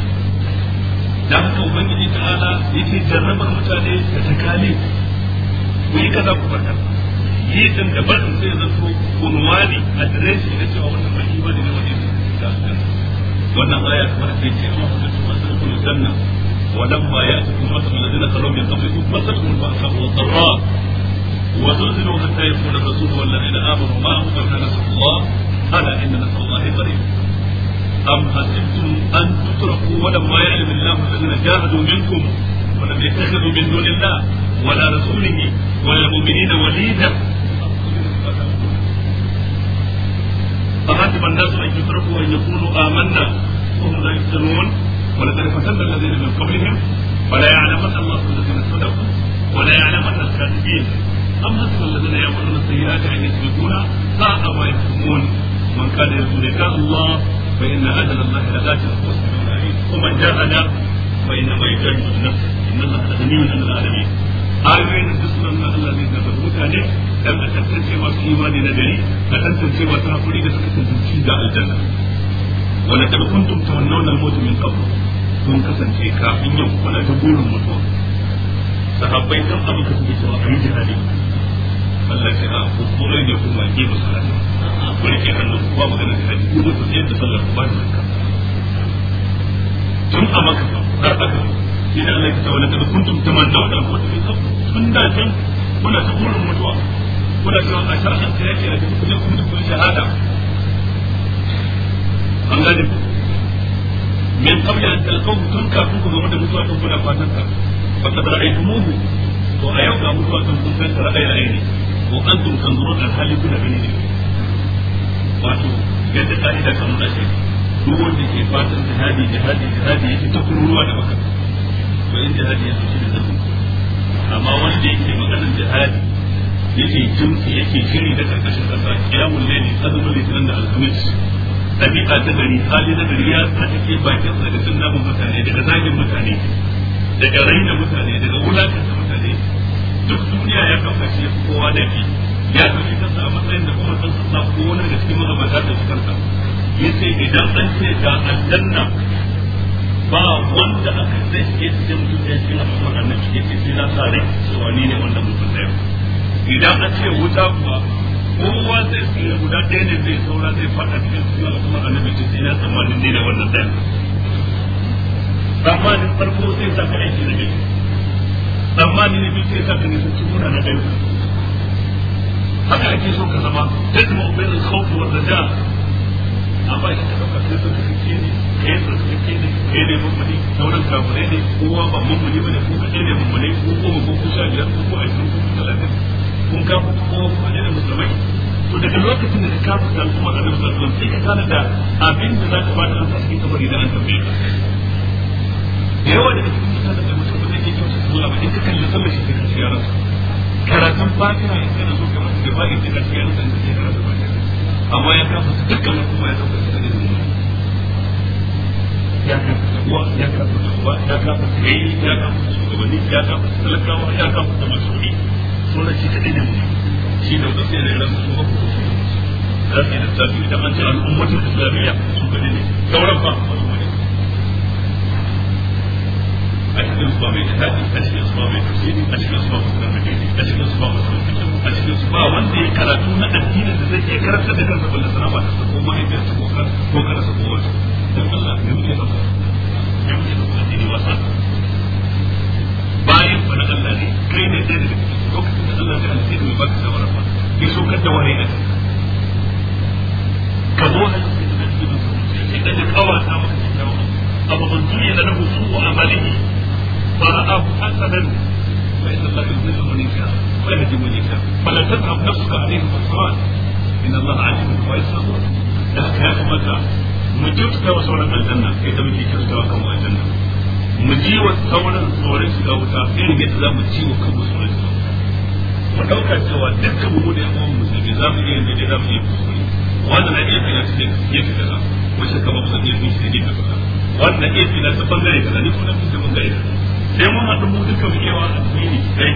da haka ubangiji ta'ala yake jarrabar mutane da takalif ku yi kaza ku titin da barin sai zato unwani adireshi na cewa wannan baki ba ne wajen da su ta su wannan aya kuma da kai ce a mafi masu da kuma sannan wadan ba ya su kuma su lalina kalon ya kamar su masu da kuma su kuma su ba wa zo zilo ta ta yi su da rasu wanda ne da abu ma a kuma na su ba ana inda na su ba a yi bari am hasibtum an tutraku wadan ma ya ilmi lillahi da zina jahadu minkum wa lam yattakhidhu min dunillahi ولا رسوله ولا المؤمنين وليدا أحسب الناس أن يتركوا أن يقولوا آمنا وهم لا يفتنون ولقد فتن الذين من قبلهم ولا يعلمن الله الذين صدقوا ولا يعلمن الكاذبين أم حسب الذين يعملون السيئات أن يسبقونا ساء ما يحكمون من كان يرجو لقاء الله فإن أجل الله لآت وسميع عليم ومن جاءنا فإنما يجاهد نفسه إن الله لغني عن العالمين آيوين الجسم الذين تبغوتها dan a tantance masu imani na gari a tantance masu hakuri da suka tantance da aljanna wala kad kuntum tahannuna al-maut min qabl kun kasance kafin yau kuna ta burin mutuwa sahabbai sun abu ka suke cewa ayi jihadi Allah ya a ku kore ne kuma ke musalata ku ke hannu ku ba magana jihadi ku ku tsayar da sallar ku ba da zakka tun a maka har aka ina Allah ya ta wala kad kuntum tamannuna al-maut min qabl tun da can kuna ta burin mutuwa kuna cewa a sharhan ta yake da kuma kuma da kuma shahada an gane ku min qabla an talqahu tun kafin ku zama da mutuwa tun kuna fatan ta fa kad ra'aytumuhu to a yau ga mutuwa tun kun san ta ra'ayi ra'ayi ko antum da alhali kuna gani ne wato yadda ka'ida kan nuna shi duk wanda ke fatan jihadi jihadi jihadi yake ta kururuwa da baka to in jihadi ya so shi da zafin amma wanda yake maganar jihadi yake jimsi yake shiri da karkashin kasa ya kiyamun laili azumin litinin da alhamis ɗabi'a ta gari hali na gari ya sa take bakin sa daga namun mutane daga zagin mutane daga raina mutane daga wulakanta mutane duk duniya ya kafa shi kowa da fi ya ɗauki kansa a matsayin da kuma san sassa ko wani daga cikin ta da shi ya ce idan an ce ga aljanna ba wanda aka sai ke cikin mutum ya shi na kuma annabi yake cikin na sa rai ne wanda mutum da yau idan an ce wuta kuwa kowa zai tsira guda ɗaya ne zai saura zai faɗa cikin suna kuma annabi ce ina tsammanin ne da wannan ɗaya tsammanin farko zai saka aiki tsammanin ne zai saka ne sun cikuna na ɗaya haka ake so ka zama tajma ubayin khawfi wa raja amma shi ɗauka sun ne kai sun kasance ne kai ne mummuni sauran kafirai ne kowa ba mummuni ba ne ko kaɗai ne mummuni ko goma ko kusa biyar ko ko ashirin ko kun ka ko ne da musulmai to daga lokacin da ka kafa da al'umma annabi sallallahu alaihi sai ka kana da abin da za ka bada an cikin kabari da an tambaye da yawa daga cikin mutanen da mutum ba zai iya kyautar sallah ba in ka sallar shi ka ciyar sa karatun fatiha in kana so ka da ba'i ka ciyar sa in ka ciyar sa amma ya kafa su dukkan al'umma ya kafa su da ya kafa uwa ya kafa uba ya kafa kai ya kafa shugabanni ya kafa talakawa ya kafa masoyi sura shi kadai da shi ne wanda sai da ran su ba ku za su yi an ce al'ummatul islamiyya su kadai ne sauran ba ba ne a cikin su ba mai jihadi a cikin su ba mai tafsiri a cikin su ba mai tafsiri a cikin su ba mai a cikin su ba wanda ya karatu na addinin da zai iya karanta da kansa balla sana ba ta sa mahaifiyarsa ko kansa ko kansa ko wata dan Allah ne muke dauka ne muke dauka addini wasa bayan fa na Allah ne kai ne sai daga cikin lokacin da Allah ya alƙi mai baka shawara ba ya saukar da wani a ka zo a cikin da cikin sai da kawa ta maka shawara abu ban duniya da nahu su amalihi fa abu hasanan فإن الله يذل من يشاء ويهدي من يشاء فلا تذهب نفسك عليهم حسرات إن الله عليم بما يصنعون لكن يا أمة مجبت وصولا الجنة إذا مجيك وصولا الجنة mu ji wa sauran tsoron shiga wuta irin yadda za mu ci wa kanmu tsoron shiga mu ɗauka cewa dukkan mu da yawan musulmi za mu iya yin daidai za mu iya kuskure wannan na iya fina cikin ya fi kaza wace ka ba kusan iya fin shi da gefe kaza wannan na iya fina ta bangare kaza ni ko na fi mun kaza sai mun haɗu mu dukkan mu iya wani abu ne kai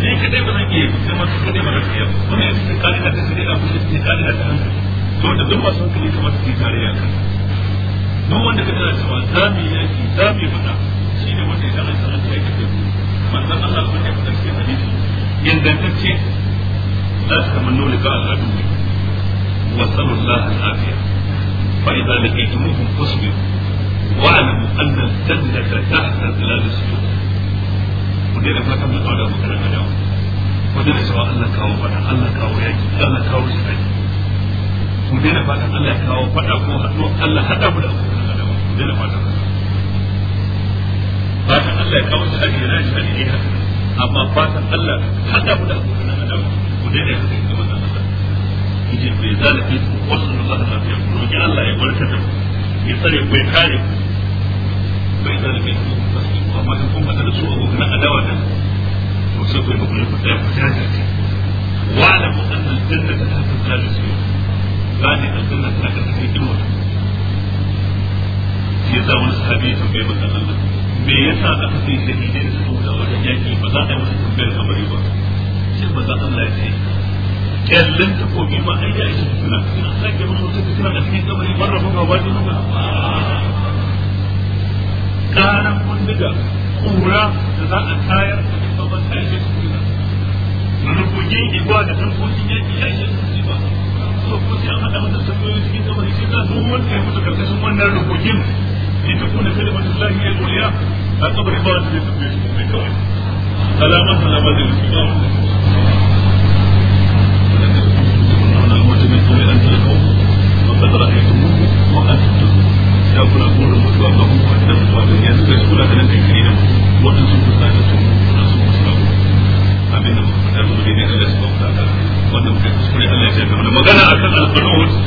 ni kadai ba zan iya sai ma ba kuskure iya gaskiya wannan ya fi kalina ta shari'a ko ya fi kalina ta hankali to da duk masu hankali kamar su ke kare ya kan duk wanda ka tana cewa za mu yi yaki za mu yi fada shi ne wanda an Allah hadisi ingantacce wa ku dai da ku dai da cewa Allah kawo Allah kawo yaki Allah kawo shi ku dai da Allah kawo ko haɗuwa Allah haɗa mu da ku dai da fatan Allah ya kawo tsari yana shi na haka amma fatan Allah hada mu da abokan nan da ku daina haka ga manzon Allah yace bai zalika wasu Allah da lafiya Allah ya barka da ya tsare ku ya kare ku bai zalika amma kan kun kada su abokan nan adawa da ku sai ku yi hakuri ku tsaya ku jaje wa la mu'annal jannata ta tsare su gane aljanna ta kasance kin mutum zama sahabi ya tambaye manzon Allah me yasa aka sai shahidai da suka da wajen yaki ba za a yi masa tambayar ba sai manzon Allah ya ce kyallin takobi ma ai ya ake ina sake masa wata fitina da cikin kabari ban rafa ba wajen haka ƙaran bindiga kura da za a tayar da babban aiki su fitina rubugin igwa da tankokin yaki ya ce su ba so ko sai haɗa wata sabbin cikin kabari sai ka zo wanda ya mutu karkashin wannan rubugin in takuna kalimatullahi hiya al-ulya haka bai ba da su bai kawai alamar وأنتم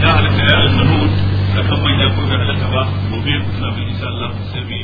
ne akan manya ko ga ba بیت نبی صلی اللہ علیہ وسلم